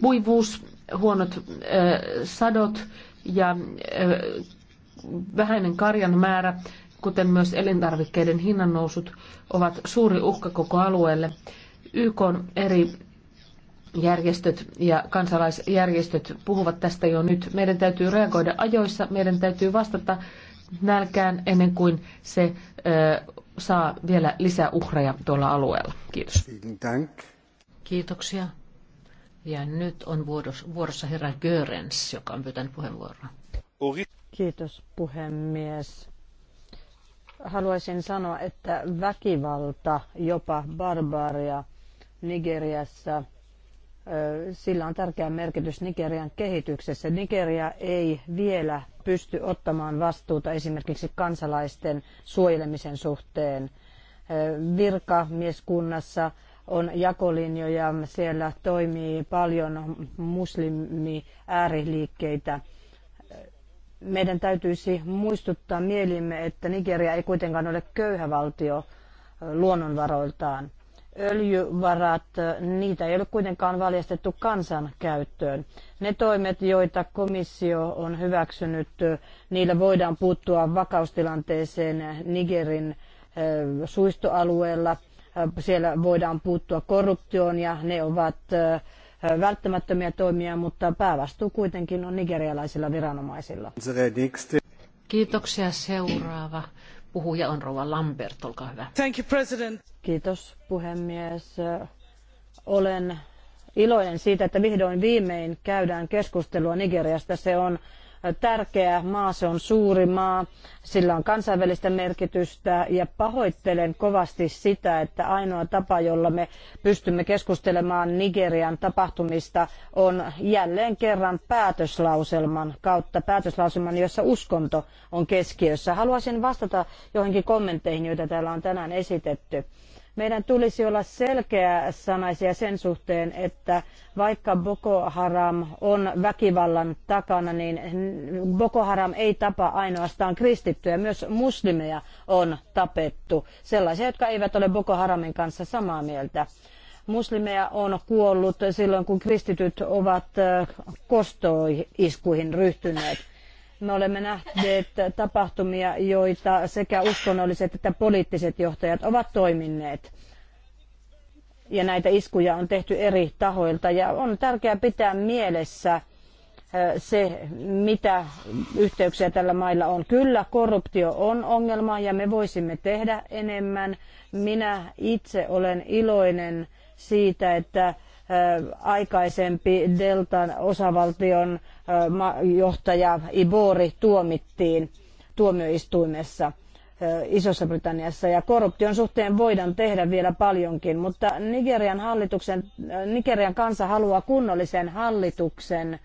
Muivuus huonot eh, sadot ja vähäinen karjan määrä kuten myös elintarvikkeiden hinnannousut, ovat suuri uhka koko alueelle. YK on eri järjestöt ja kansalaisjärjestöt puhuvat tästä jo nyt. Meidän täytyy reagoida ajoissa, meidän täytyy vastata nälkään ennen kuin se ö, saa vielä lisää uhreja tuolla alueella. Kiitos. Kiitoksia. Ja nyt on vuorossa herra Görens, joka on pyytänyt puheenvuoroa. Kiitos puhemies haluaisin sanoa, että väkivalta, jopa barbaria Nigeriassa, sillä on tärkeä merkitys Nigerian kehityksessä. Nigeria ei vielä pysty ottamaan vastuuta esimerkiksi kansalaisten suojelemisen suhteen. Virkamieskunnassa on jakolinjoja, siellä toimii paljon muslimi ääriliikkeitä meidän täytyisi muistuttaa mielimme, että Nigeria ei kuitenkaan ole köyhä valtio luonnonvaroiltaan. Öljyvarat, niitä ei ole kuitenkaan valjastettu kansan käyttöön. Ne toimet, joita komissio on hyväksynyt, niillä voidaan puuttua vakaustilanteeseen Nigerin suistoalueella. Siellä voidaan puuttua korruptioon ja ne ovat välttämättömiä toimia, mutta päävastuu kuitenkin on nigerialaisilla viranomaisilla. Kiitoksia. Seuraava puhuja on rouva Lambert, olkaa hyvä. Thank you, President. Kiitos puhemies. Olen iloinen siitä, että vihdoin viimein käydään keskustelua Nigeriasta. Se on tärkeä maa, se on suuri maa, sillä on kansainvälistä merkitystä ja pahoittelen kovasti sitä, että ainoa tapa, jolla me pystymme keskustelemaan Nigerian tapahtumista on jälleen kerran päätöslauselman kautta, päätöslauselman, jossa uskonto on keskiössä. Haluaisin vastata joihinkin kommentteihin, joita täällä on tänään esitetty. Meidän tulisi olla selkeä sanaisia sen suhteen, että vaikka Boko Haram on väkivallan takana, niin Boko Haram ei tapa ainoastaan kristittyjä, myös muslimeja on tapettu. Sellaisia, jotka eivät ole Boko Haramin kanssa samaa mieltä muslimeja on kuollut silloin, kun kristityt ovat kostoiskuihin ryhtyneet. Me olemme nähneet tapahtumia, joita sekä uskonnolliset että poliittiset johtajat ovat toimineet. Ja näitä iskuja on tehty eri tahoilta ja on tärkeää pitää mielessä se, mitä yhteyksiä tällä mailla on. Kyllä, korruptio on ongelma ja me voisimme tehdä enemmän. Minä itse olen iloinen siitä, että aikaisempi Deltan osavaltion johtaja Ibori tuomittiin tuomioistuimessa Isossa Britanniassa ja korruption suhteen voidaan tehdä vielä paljonkin, mutta Nigerian, hallituksen, Nigerian kansa haluaa kunnollisen hallituksen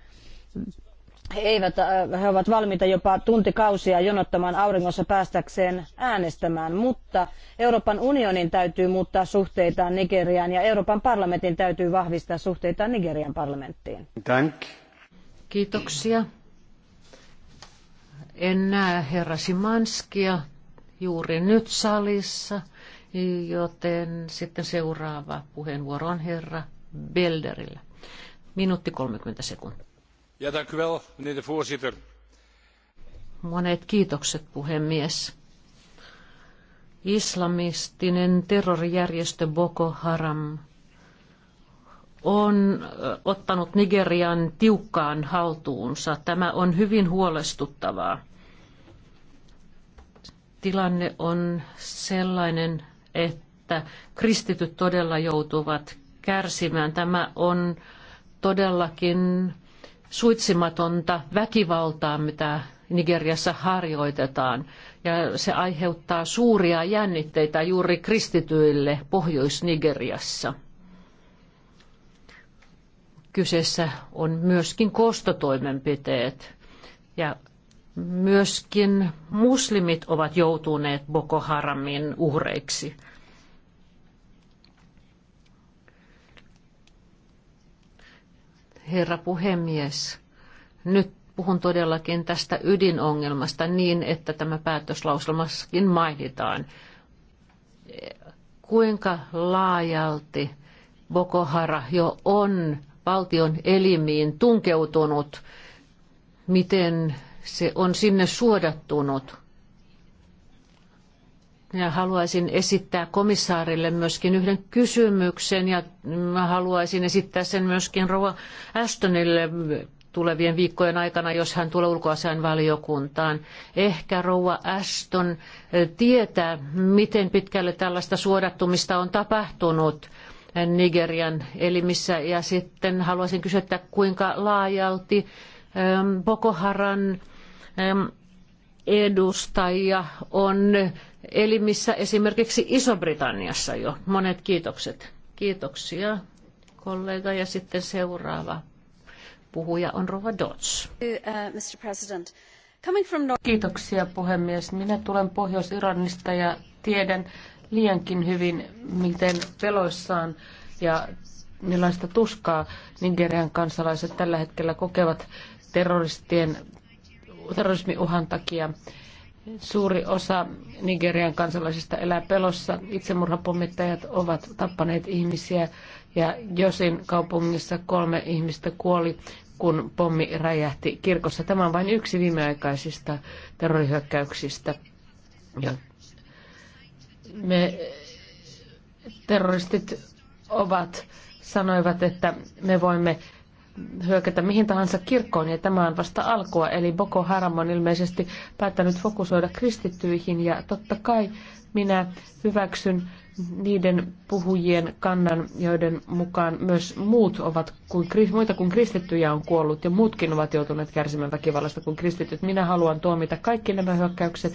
he, eivät, äh, he ovat valmiita jopa tuntikausia jonottamaan auringossa päästäkseen äänestämään, mutta Euroopan unionin täytyy muuttaa suhteitaan Nigeriaan ja Euroopan parlamentin täytyy vahvistaa suhteitaan Nigerian parlamenttiin. Kiitoksia. En näe herra Simanskia juuri nyt salissa, joten sitten seuraava puheenvuoro on herra Belderillä. Minuutti 30 sekuntia. Monet kiitokset, puhemies. Islamistinen terrorijärjestö Boko Haram on ottanut Nigerian tiukkaan haltuunsa. Tämä on hyvin huolestuttavaa. Tilanne on sellainen, että kristityt todella joutuvat kärsimään. Tämä on todellakin suitsimatonta väkivaltaa, mitä Nigeriassa harjoitetaan. Ja se aiheuttaa suuria jännitteitä juuri kristityille Pohjois-Nigeriassa. Kyseessä on myöskin kostotoimenpiteet ja myöskin muslimit ovat joutuneet Boko Haramin uhreiksi. herra puhemies. Nyt puhun todellakin tästä ydinongelmasta niin, että tämä päätöslauselmassakin mainitaan. Kuinka laajalti Boko Hara jo on valtion elimiin tunkeutunut, miten se on sinne suodattunut. Minä haluaisin esittää komissaarille myöskin yhden kysymyksen ja haluaisin esittää sen myöskin Rova Ashtonille tulevien viikkojen aikana, jos hän tulee ulkoasiainvaliokuntaan. Ehkä Rouva Ashton eh, tietää, miten pitkälle tällaista suodattumista on tapahtunut Nigerian elimissä. Ja sitten haluaisin kysyä, kuinka laajalti Boko Haran edustajia on elimissä, esimerkiksi Iso-Britanniassa jo. Monet kiitokset. Kiitoksia kollega ja sitten seuraava puhuja on Rova Dodds. Uh, Kiitoksia puhemies. Minä tulen Pohjois-Iranista ja tiedän liiankin hyvin, miten peloissaan ja millaista tuskaa Nigerian kansalaiset tällä hetkellä kokevat terroristien terrorismiuhan takia. Suuri osa Nigerian kansalaisista elää pelossa. Itsemurhapommittajat ovat tappaneet ihmisiä ja Josin kaupungissa kolme ihmistä kuoli, kun pommi räjähti kirkossa. Tämä on vain yksi viimeaikaisista terrorihyökkäyksistä. Ja me terroristit ovat, sanoivat, että me voimme hyökätä mihin tahansa kirkkoon, ja niin tämä on vasta alkua. Eli Boko Haram on ilmeisesti päättänyt fokusoida kristittyihin, ja totta kai minä hyväksyn niiden puhujien kannan, joiden mukaan myös muut ovat, kuin, muita kuin kristittyjä on kuollut, ja muutkin ovat joutuneet kärsimään väkivallasta kuin kristityt. Minä haluan tuomita kaikki nämä hyökkäykset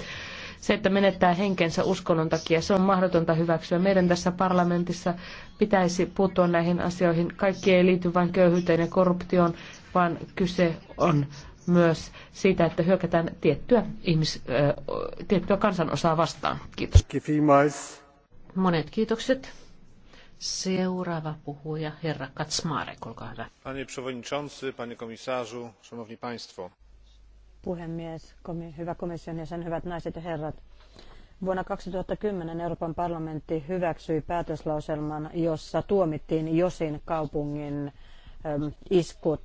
se, että menettää henkensä uskonnon takia, se on mahdotonta hyväksyä. Meidän tässä parlamentissa pitäisi puuttua näihin asioihin. Kaikki ei liity vain köyhyyteen ja korruptioon, vaan kyse on myös siitä, että hyökätään tiettyä, ihmis, äh, tiettyä kansanosaa vastaan. Kiitos. Kifimais. Monet kiitokset. Seuraava puhuja, herra Kaczmarek, olkaa hyvä. Panie przewodniczący, panie komisarzu, szanowni państwo puhemies, hyvä komission jäsen, hyvät naiset ja herrat. Vuonna 2010 Euroopan parlamentti hyväksyi päätöslauselman, jossa tuomittiin Josin kaupungin iskut.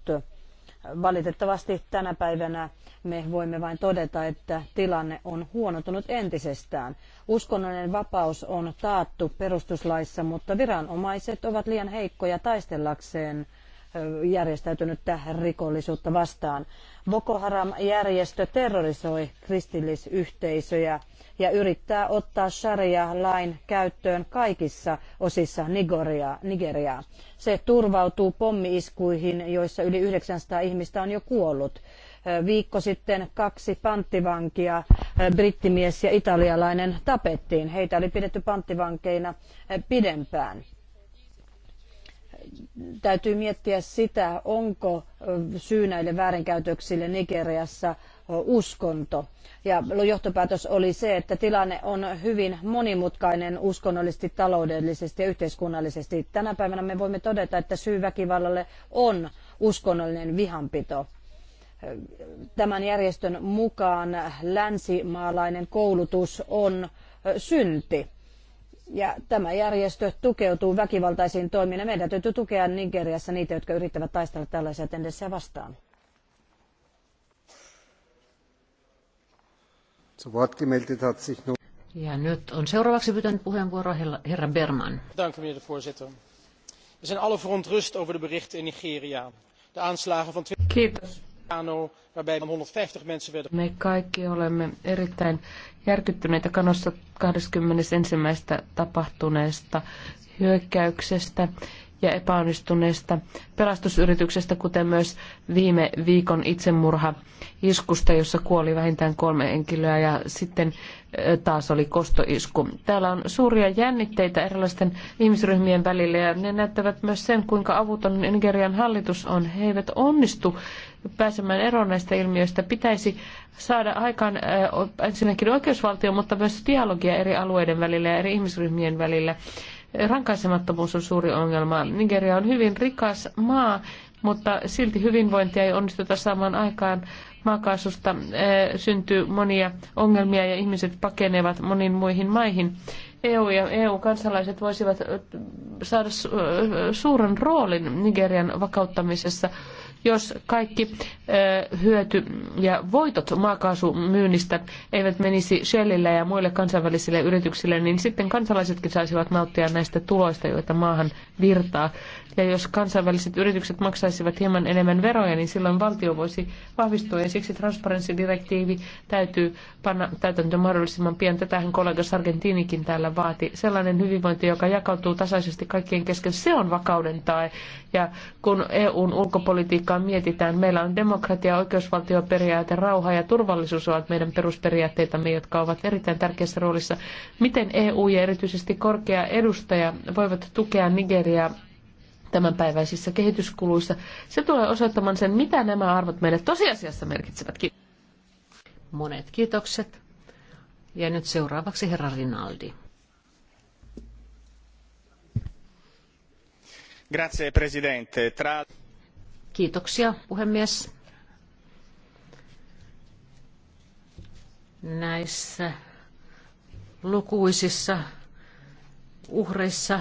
Valitettavasti tänä päivänä me voimme vain todeta, että tilanne on huonontunut entisestään. Uskonnollinen vapaus on taattu perustuslaissa, mutta viranomaiset ovat liian heikkoja taistellakseen järjestäytynyttä rikollisuutta vastaan. Boko Haram-järjestö terrorisoi kristillisyhteisöjä ja yrittää ottaa sharia-lain käyttöön kaikissa osissa Nigeriaa. Nigeria. Se turvautuu pommiiskuihin, joissa yli 900 ihmistä on jo kuollut viikko sitten kaksi panttivankia, brittimies ja italialainen, tapettiin. Heitä oli pidetty panttivankeina pidempään täytyy miettiä sitä, onko syy näille väärinkäytöksille Nigeriassa uskonto. Ja johtopäätös oli se, että tilanne on hyvin monimutkainen uskonnollisesti, taloudellisesti ja yhteiskunnallisesti. Tänä päivänä me voimme todeta, että syy väkivallalle on uskonnollinen vihanpito. Tämän järjestön mukaan länsimaalainen koulutus on synti ja tämä järjestö tukeutuu väkivaltaisiin toimiin. Meidän täytyy tukea Nigeriassa niitä, jotka yrittävät taistella tällaisia tendenssejä vastaan. Ja nyt on seuraavaksi pyytänyt puheenvuoro herra Berman. Dank meneer voorzitter. We zijn alle verontrust over de berichten in Nigeria. De aanslagen van... Kiitos. Me kaikki olemme erittäin järkyttyneitä kanossa 21. tapahtuneesta hyökkäyksestä ja epäonnistuneesta pelastusyrityksestä, kuten myös viime viikon itsemurha iskusta, jossa kuoli vähintään kolme henkilöä ja sitten taas oli kostoisku. Täällä on suuria jännitteitä erilaisten ihmisryhmien välillä ja ne näyttävät myös sen, kuinka avuton Nigerian hallitus on. He eivät onnistu pääsemään eroon näistä ilmiöistä. Pitäisi saada aikaan ensinnäkin oikeusvaltio, mutta myös dialogia eri alueiden välillä ja eri ihmisryhmien välillä. Rankaisemattomuus on suuri ongelma. Nigeria on hyvin rikas maa, mutta silti hyvinvointia ei onnistuta saamaan aikaan. Maakaasusta syntyy monia ongelmia ja ihmiset pakenevat moniin muihin maihin. EU ja EU-kansalaiset voisivat saada suuren roolin Nigerian vakauttamisessa jos kaikki hyöty ja voitot maakaasumyynnistä eivät menisi Shellille ja muille kansainvälisille yrityksille, niin sitten kansalaisetkin saisivat nauttia näistä tuloista, joita maahan virtaa. Ja jos kansainväliset yritykset maksaisivat hieman enemmän veroja, niin silloin valtio voisi vahvistua. Ja siksi transparenssidirektiivi täytyy panna täytäntöön mahdollisimman pian. Tätähän kollega Sargentinikin täällä vaati. Sellainen hyvinvointi, joka jakautuu tasaisesti kaikkien kesken, se on vakauden tae. Ja kun EUn ulkopolitiikkaa mietitään, meillä on demokratia, oikeusvaltioperiaate, rauha ja turvallisuus ovat meidän perusperiaatteitamme, jotka ovat erittäin tärkeässä roolissa. Miten EU ja erityisesti korkea edustaja voivat tukea Nigeriaa tämänpäiväisissä kehityskuluissa. Se tulee osoittamaan sen, mitä nämä arvot meille tosiasiassa merkitsevätkin. Monet kiitokset. Ja nyt seuraavaksi herra Rinaldi. Grazie, presidente. Tra... Kiitoksia, puhemies. Näissä lukuisissa uhreissa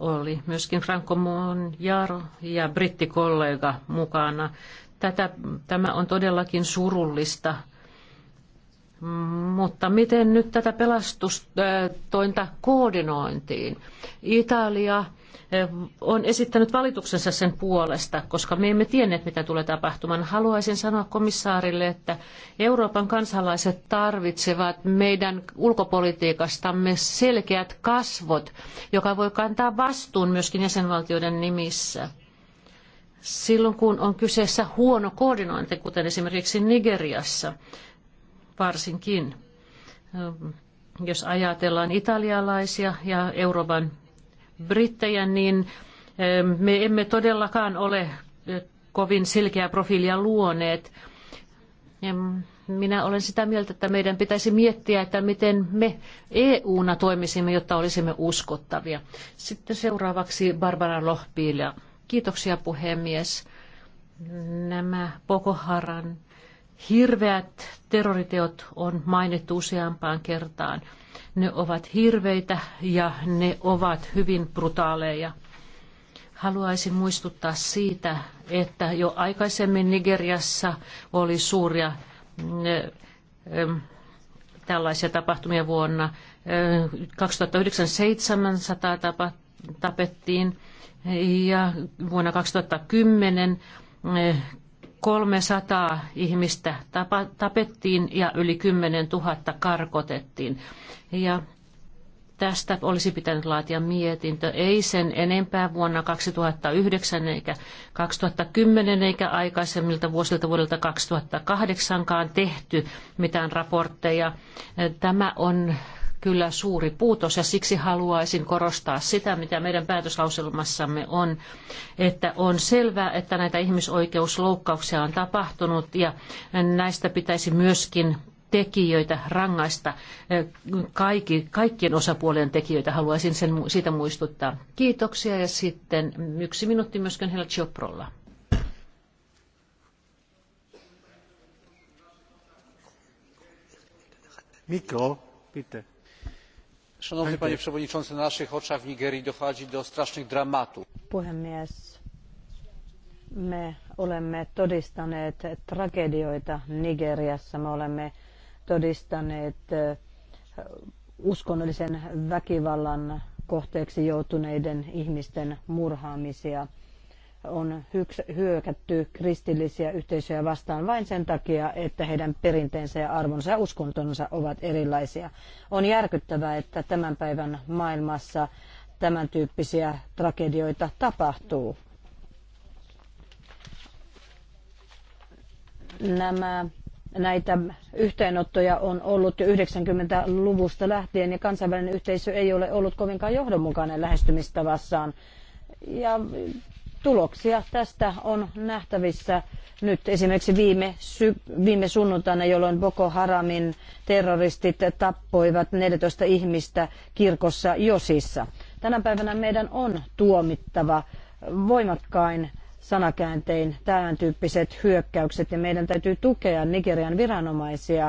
oli myöskin Franco Monjaro ja brittikollega mukana. Tätä, tämä on todellakin surullista. Mutta miten nyt tätä pelastustointa koordinointiin? Italia on esittänyt valituksensa sen puolesta, koska me emme tienneet, mitä tulee tapahtumaan. Haluaisin sanoa komissaarille, että Euroopan kansalaiset tarvitsevat meidän ulkopolitiikastamme selkeät kasvot, joka voi kantaa vastuun myöskin jäsenvaltioiden nimissä. Silloin kun on kyseessä huono koordinointi, kuten esimerkiksi Nigeriassa varsinkin, jos ajatellaan italialaisia ja Euroopan brittejä, niin me emme todellakaan ole kovin selkeää profiilia luoneet. Minä olen sitä mieltä, että meidän pitäisi miettiä, että miten me EU-na toimisimme, jotta olisimme uskottavia. Sitten seuraavaksi Barbara Lohpiilä. Kiitoksia puhemies. Nämä Boko Haran hirveät terroriteot on mainittu useampaan kertaan. Ne ovat hirveitä ja ne ovat hyvin brutaaleja. Haluaisin muistuttaa siitä, että jo aikaisemmin Nigeriassa oli suuria tällaisia tapahtumia vuonna 2009 700 tapettiin ja vuonna 2010 300 ihmistä tapettiin ja yli 10 000 karkotettiin. Ja tästä olisi pitänyt laatia mietintö, ei sen enempää vuonna 2009 eikä 2010 eikä aikaisemmilta vuosilta vuodelta 2008kaan tehty mitään raportteja. Tämä on kyllä suuri puutos ja siksi haluaisin korostaa sitä, mitä meidän päätöslauselmassamme on, että on selvää, että näitä ihmisoikeusloukkauksia on tapahtunut ja näistä pitäisi myöskin tekijöitä rangaista, kaikki, kaikkien osapuolien tekijöitä, haluaisin sen, siitä muistuttaa. Kiitoksia ja sitten yksi minuutti myöskin Hela Choprolla. Mikro, bitte puhemies me olemme todistaneet tragedioita Nigeriassa. Me olemme todistaneet e, uskonnollisen väkivallan kohteeksi joutuneiden ihmisten murhaamisia – on hyökätty kristillisiä yhteisöjä vastaan vain sen takia, että heidän perinteensä ja arvonsa ja uskontonsa ovat erilaisia. On järkyttävää, että tämän päivän maailmassa tämän tyyppisiä tragedioita tapahtuu. Nämä näitä yhteenottoja on ollut jo 90-luvusta lähtien ja kansainvälinen yhteisö ei ole ollut kovinkaan johdonmukainen lähestymistavassaan. Ja tuloksia tästä on nähtävissä nyt esimerkiksi viime, sy- viime sunnuntaina, jolloin Boko Haramin terroristit tappoivat 14 ihmistä kirkossa Josissa. Tänä päivänä meidän on tuomittava voimakkain sanakääntein tämän tyyppiset hyökkäykset ja meidän täytyy tukea Nigerian viranomaisia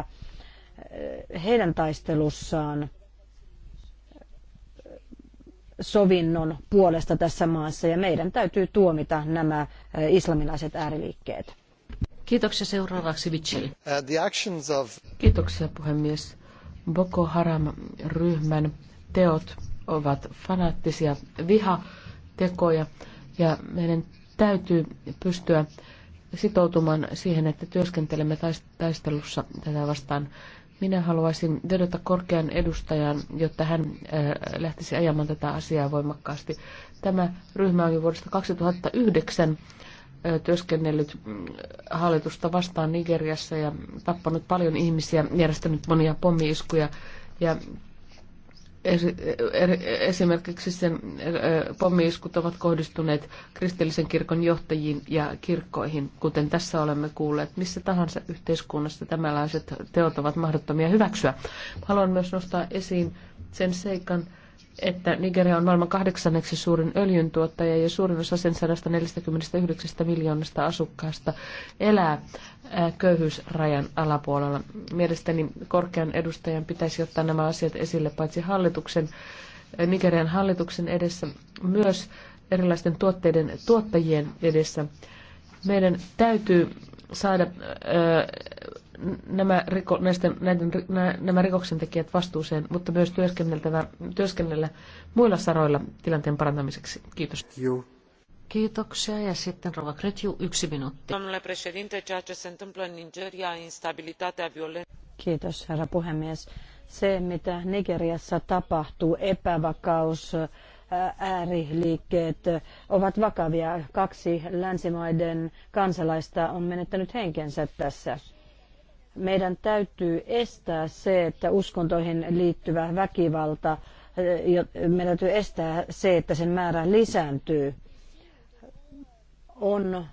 eh, heidän taistelussaan sovinnon puolesta tässä maassa ja meidän täytyy tuomita nämä islamilaiset ääriliikkeet. Kiitoksia seuraavaksi Mitchell. Uh, of... Kiitoksia puhemies. Boko Haram-ryhmän teot ovat fanaattisia vihatekoja ja meidän täytyy pystyä sitoutumaan siihen, että työskentelemme taistelussa tätä vastaan minä haluaisin vedota korkean edustajan, jotta hän äh, lähtisi ajamaan tätä asiaa voimakkaasti. Tämä ryhmä on jo vuodesta 2009 äh, työskennellyt mm, hallitusta vastaan Nigeriassa ja tappanut paljon ihmisiä, järjestänyt monia pommiiskuja ja esimerkiksi sen pommiiskut ovat kohdistuneet kristillisen kirkon johtajiin ja kirkkoihin, kuten tässä olemme kuulleet. Missä tahansa yhteiskunnassa tämänlaiset teot ovat mahdottomia hyväksyä. Haluan myös nostaa esiin sen seikan, että Nigeria on maailman kahdeksanneksi suurin öljyntuottaja ja suurin osa sen 149 miljoonasta asukkaasta elää äh, köyhyysrajan alapuolella. Mielestäni korkean edustajan pitäisi ottaa nämä asiat esille paitsi hallituksen, äh, Nigerian hallituksen edessä, myös erilaisten tuotteiden tuottajien edessä. Meidän täytyy saada äh, nämä, riko, näistä, näiden, nä, nämä rikoksentekijät vastuuseen, mutta myös työskennellä muilla saroilla tilanteen parantamiseksi. Kiitos. Joo. Kiitoksia ja sitten Rova Kretju, yksi minuutti. E Kiitos, herra puhemies. Se, mitä Nigeriassa tapahtuu, epävakaus, ääriliikkeet ovat vakavia. Kaksi länsimaiden kansalaista on menettänyt henkensä tässä meidän täytyy estää se, että uskontoihin liittyvä väkivalta, eh, meidän täytyy estää se, että sen määrä lisääntyy. On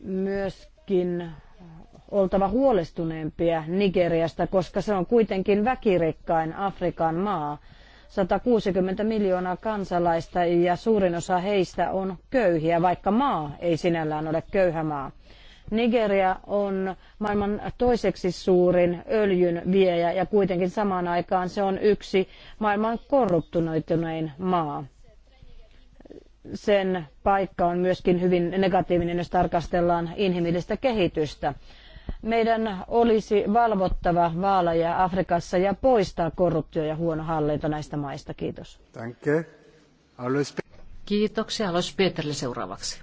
myöskin oltava huolestuneempia Nigeriasta, koska se on kuitenkin väkirikkain Afrikan maa. 160 miljoonaa kansalaista ja suurin osa heistä on köyhiä, vaikka maa ei sinällään ole köyhä maa. Nigeria on maailman toiseksi suurin öljyn viejä ja kuitenkin samaan aikaan se on yksi maailman korruptunoitunein maa. Sen paikka on myöskin hyvin negatiivinen, jos tarkastellaan inhimillistä kehitystä. Meidän olisi valvottava vaaleja Afrikassa ja poistaa korruptio ja huono hallinto näistä maista. Kiitos. Kiitoksia. Alois Peterille seuraavaksi.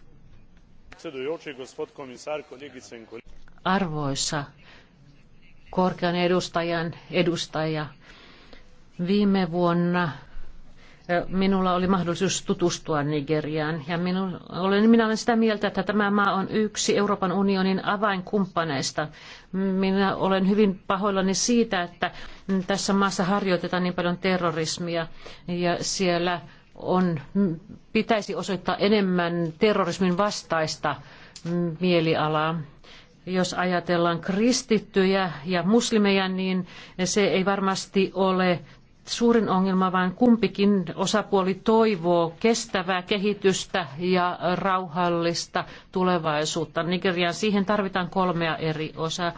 Arvoisa korkean edustajan edustaja, viime vuonna eh, minulla oli mahdollisuus tutustua Nigeriaan ja minu, olen, minä olen sitä mieltä, että tämä maa on yksi Euroopan unionin avainkumppaneista. Minä olen hyvin pahoillani siitä, että tässä maassa harjoitetaan niin paljon terrorismia ja siellä on, pitäisi osoittaa enemmän terrorismin vastaista mielialaa. Jos ajatellaan kristittyjä ja muslimeja, niin se ei varmasti ole suurin ongelma, vaan kumpikin osapuoli toivoo kestävää kehitystä ja rauhallista tulevaisuutta. Nigerian siihen tarvitaan kolmea eri osaa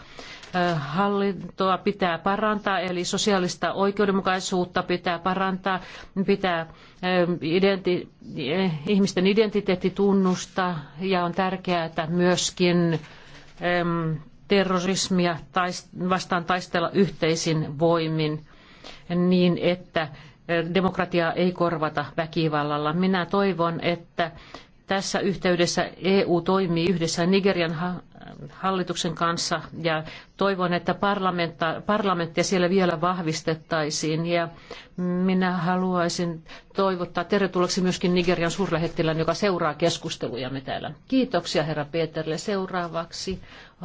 hallintoa pitää parantaa, eli sosiaalista oikeudenmukaisuutta pitää parantaa, pitää identi- ihmisten identiteetti tunnustaa ja on tärkeää, että myöskin terrorismia vastaan taistella yhteisin voimin niin, että demokratiaa ei korvata väkivallalla. Minä toivon, että tässä yhteydessä EU toimii yhdessä Nigerian hallituksen kanssa ja toivon, että parlamenttia siellä vielä vahvistettaisiin. Ja minä haluaisin toivottaa tervetulleeksi myöskin Nigerian suurlähettilään, joka seuraa keskustelujamme täällä. Kiitoksia herra Peterille. Seuraavaksi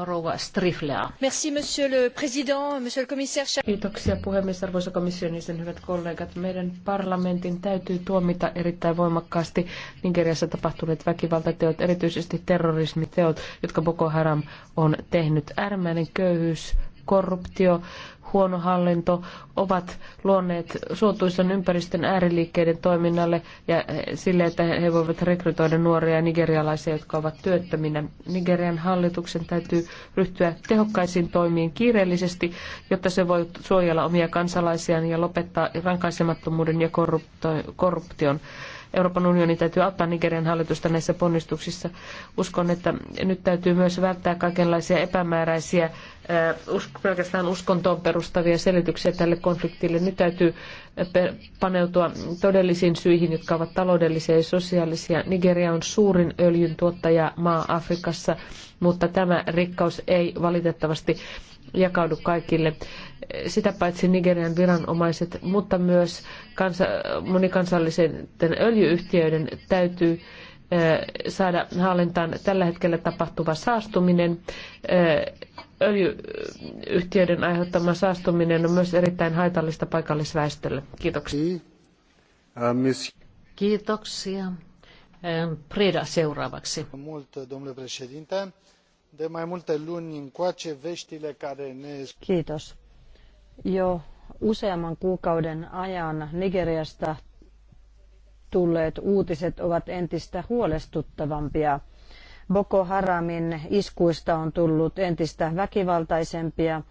rouva Striflea. Merci, monsieur le président, monsieur le commissaire. Kiitoksia puhemies, arvoisa komission jäsen, hyvät kollegat. Meidän parlamentin täytyy tuomita erittäin voimakkaasti Nigeriassa tapahtuneet väkivaltateot, erityisesti terrorismiteot, jotka Boko Haram on tehnyt. Äärimmäinen köyhyys, korruptio, huono hallinto ovat luonneet suotuisan ympäristön ääriliikkeiden toiminnalle ja eh, sille, että he voivat rekrytoida nuoria nigerialaisia, jotka ovat työttöminä. Nigerian hallituksen täytyy ryhtyä tehokkaisiin toimiin kiireellisesti, jotta se voi suojella omia kansalaisiaan ja lopettaa rankaisemattomuuden ja korruption. Euroopan unionin täytyy auttaa Nigerian hallitusta näissä ponnistuksissa. Uskon, että nyt täytyy myös välttää kaikenlaisia epämääräisiä pelkästään uskontoon perustavia selityksiä tälle konfliktille. Nyt täytyy paneutua todellisiin syihin, jotka ovat taloudellisia ja sosiaalisia. Nigeria on suurin öljyntuottaja maa Afrikassa, mutta tämä rikkaus ei valitettavasti jakaudu kaikille. Sitä paitsi Nigerian viranomaiset, mutta myös kansa- monikansallisten öljyyhtiöiden täytyy saada hallintaan tällä hetkellä tapahtuva saastuminen. Öljyyhtiöiden aiheuttama saastuminen on myös erittäin haitallista paikallisväestölle. Kiitoksia. Kiitoksia. Preda seuraavaksi de mai multe luni încoace veștile care ne... Kiitos. Jo useamman kuukauden ajan Nigeriasta tulleet uutiset ovat entistä huolestuttavampia. Boko Haramin iskuista on tullut entistä väkivaltaisempia.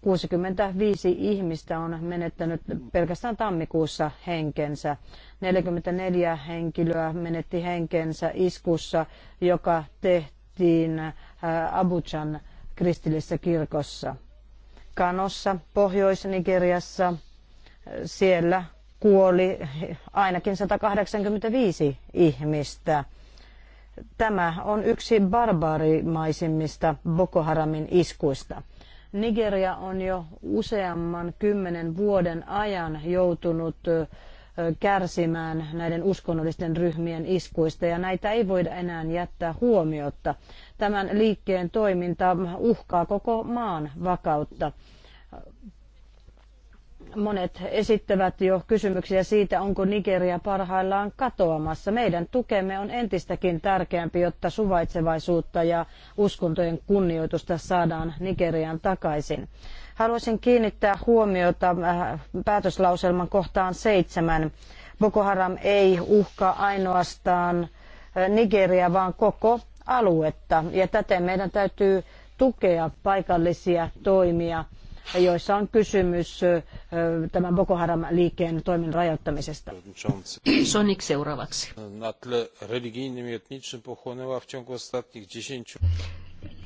65 ihmistä on menettänyt pelkästään tammikuussa henkensä. 44 henkilöä menetti henkensä iskussa, joka tehtiin vietettiin äh, Abujan kristillisessä kirkossa. Kanossa, Pohjois-Nigeriassa, äh, siellä kuoli ainakin 185 ihmistä. Tämä on yksi barbaarimaisimmista Boko Haramin iskuista. Nigeria on jo useamman kymmenen vuoden ajan joutunut äh, kärsimään näiden uskonnollisten ryhmien iskuista ja näitä ei voida enää jättää huomiotta. Tämän liikkeen toiminta uhkaa koko maan vakautta monet esittävät jo kysymyksiä siitä, onko Nigeria parhaillaan katoamassa. Meidän tukemme on entistäkin tärkeämpi, jotta suvaitsevaisuutta ja uskontojen kunnioitusta saadaan Nigerian takaisin. Haluaisin kiinnittää huomiota äh, päätöslauselman kohtaan seitsemän. Boko Haram ei uhkaa ainoastaan äh, Nigeria, vaan koko aluetta. Ja täten meidän täytyy tukea paikallisia toimia, joissa on kysymys äh, tämän Boko Haram-liikkeen toimin rajoittamisesta. Sonik seuraavaksi.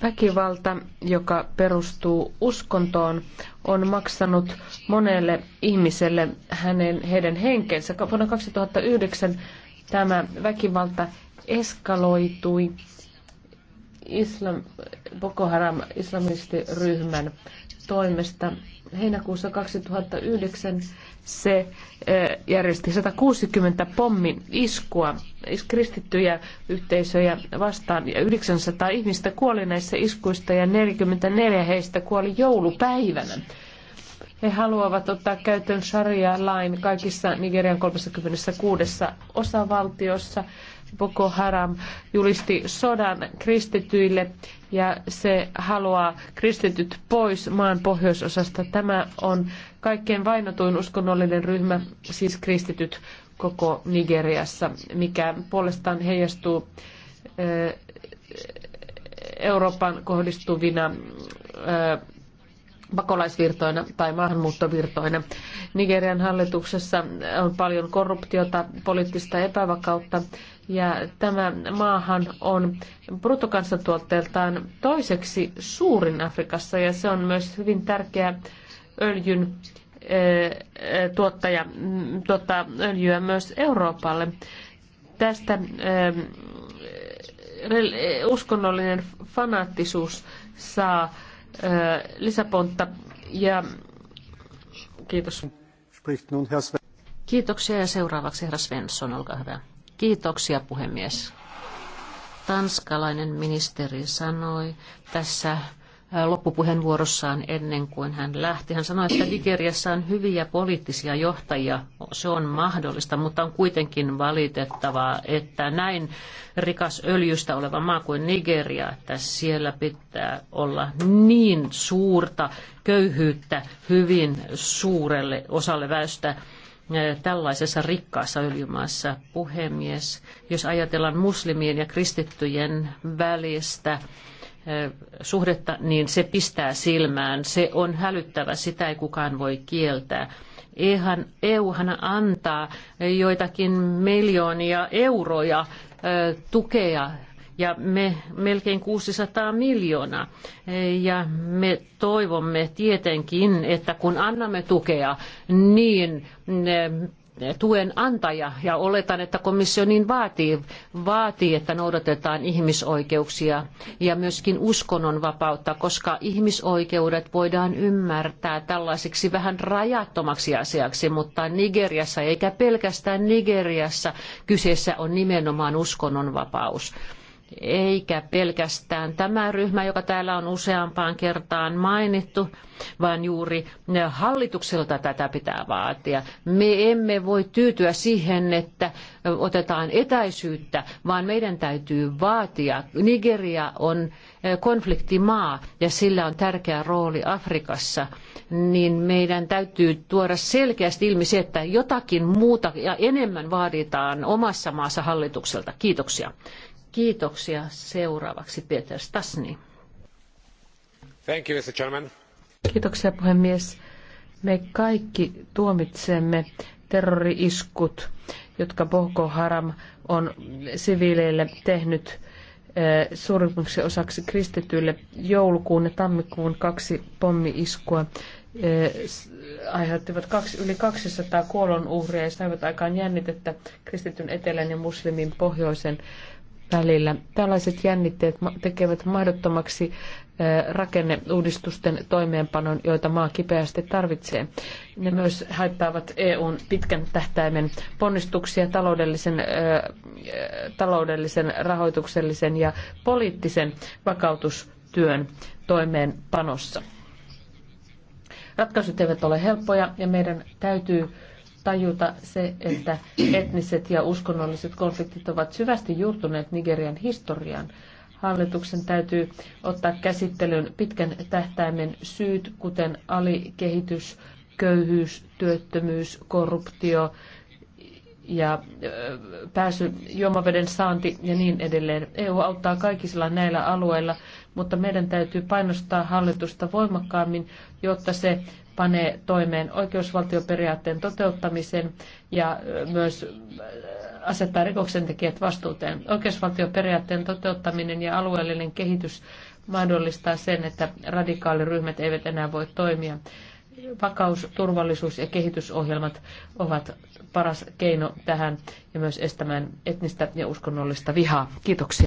Väkivalta, joka perustuu uskontoon, on maksanut monelle ihmiselle hänen, heidän henkensä. Vuonna 2009 tämä väkivalta eskaloitui islam, Boko Haram islamistiryhmän toimesta heinäkuussa 2009 se eh, järjesti 160 pommin iskua kristittyjä yhteisöjä vastaan ja 900 ihmistä kuoli näissä iskuista ja 44 heistä kuoli joulupäivänä. He haluavat ottaa käytön sharia-lain kaikissa Nigerian 36 osavaltiossa Boko Haram julisti sodan kristityille ja se haluaa kristityt pois maan pohjoisosasta. Tämä on kaikkein vainotuin uskonnollinen ryhmä, siis kristityt koko Nigeriassa, mikä puolestaan heijastuu eh, Euroopan kohdistuvina eh, pakolaisvirtoina tai maahanmuuttovirtoina. Nigerian hallituksessa on paljon korruptiota, poliittista epävakautta ja tämä maahan on bruttokansantuotteeltaan toiseksi suurin Afrikassa ja se on myös hyvin tärkeä öljyn eh, eh, tuottaja, mm, tuottaa öljyä myös Euroopalle. Tästä eh, uskonnollinen fanaattisuus saa lisäpontta. Ja kiitos. Kiitoksia ja seuraavaksi herra Svensson, olkaa hyvä. Kiitoksia puhemies. Tanskalainen ministeri sanoi tässä loppupuheenvuorossaan ennen kuin hän lähti. Hän sanoi, että Nigeriassa on hyviä poliittisia johtajia, se on mahdollista, mutta on kuitenkin valitettavaa, että näin rikas öljystä oleva maa kuin Nigeria, että siellä pitää olla niin suurta köyhyyttä hyvin suurelle osalle väestöä, tällaisessa rikkaassa öljymaassa puhemies. Jos ajatellaan muslimien ja kristittyjen välistä suhdetta, niin se pistää silmään. Se on hälyttävä, sitä ei kukaan voi kieltää. Eihän, EUhan antaa joitakin miljoonia euroja tukea ja me melkein 600 miljoonaa. Ja me toivomme tietenkin, että kun annamme tukea, niin tuen antaja ja oletan, että komissio niin vaatii, vaatii, että noudatetaan ihmisoikeuksia ja myöskin uskonnonvapautta, koska ihmisoikeudet voidaan ymmärtää tällaisiksi vähän rajattomaksi asiaksi, mutta Nigeriassa eikä pelkästään Nigeriassa kyseessä on nimenomaan uskonnonvapaus eikä pelkästään tämä ryhmä, joka täällä on useampaan kertaan mainittu, vaan juuri hallitukselta tätä pitää vaatia. Me emme voi tyytyä siihen, että otetaan etäisyyttä, vaan meidän täytyy vaatia. Nigeria on konfliktimaa ja sillä on tärkeä rooli Afrikassa, niin meidän täytyy tuoda selkeästi ilmi se, että jotakin muuta ja enemmän vaaditaan omassa maassa hallitukselta. Kiitoksia. Kiitoksia. Seuraavaksi Peter Stasny. Thank you, Mr. Chairman. Kiitoksia puhemies. Me kaikki tuomitsemme terrori-iskut, jotka Boko Haram on siviileille tehnyt eh, suurimmaksi osaksi kristityille joulukuun ja tammikuun kaksi pommi-iskua eh, aiheuttivat kaksi, yli 200 kuolonuhria ja saivat aikaan jännitettä kristityn etelän ja muslimin pohjoisen välillä. Tällaiset jännitteet tekevät mahdottomaksi rakenneuudistusten toimeenpanon, joita maa kipeästi tarvitsee. Ne myös haittaavat EUn pitkän tähtäimen ponnistuksia taloudellisen, taloudellisen rahoituksellisen ja poliittisen vakautustyön toimeenpanossa. Ratkaisut eivät ole helppoja ja meidän täytyy tajuta se, että etniset ja uskonnolliset konfliktit ovat syvästi juurtuneet Nigerian historiaan. Hallituksen täytyy ottaa käsittelyyn pitkän tähtäimen syyt, kuten alikehitys, köyhyys, työttömyys, korruptio ja pääsy juomaveden saanti ja niin edelleen. EU auttaa kaikisilla näillä alueilla, mutta meidän täytyy painostaa hallitusta voimakkaammin, jotta se panee toimeen oikeusvaltioperiaatteen toteuttamisen ja myös asettaa rikoksentekijät vastuuteen. Oikeusvaltioperiaatteen toteuttaminen ja alueellinen kehitys mahdollistaa sen, että radikaaliryhmät eivät enää voi toimia. Vakaus, turvallisuus ja kehitysohjelmat ovat paras keino tähän ja myös estämään etnistä ja uskonnollista vihaa. Kiitoksia.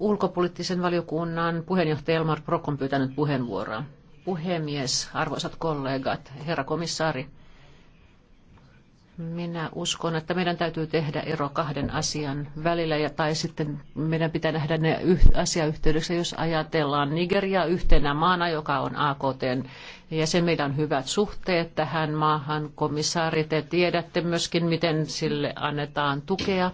Ulkopoliittisen valiokunnan puheenjohtaja Elmar Brok on pyytänyt puheenvuoroa. Puhemies, arvoisat kollegat, herra komissaari, minä uskon, että meidän täytyy tehdä ero kahden asian välillä, ja, tai sitten meidän pitää nähdä ne yh, asiayhteydessä, jos ajatellaan Nigeria yhtenä maana, joka on AKTn ja se meidän on hyvät suhteet tähän maahan. Komissaari, te tiedätte myöskin, miten sille annetaan tukea.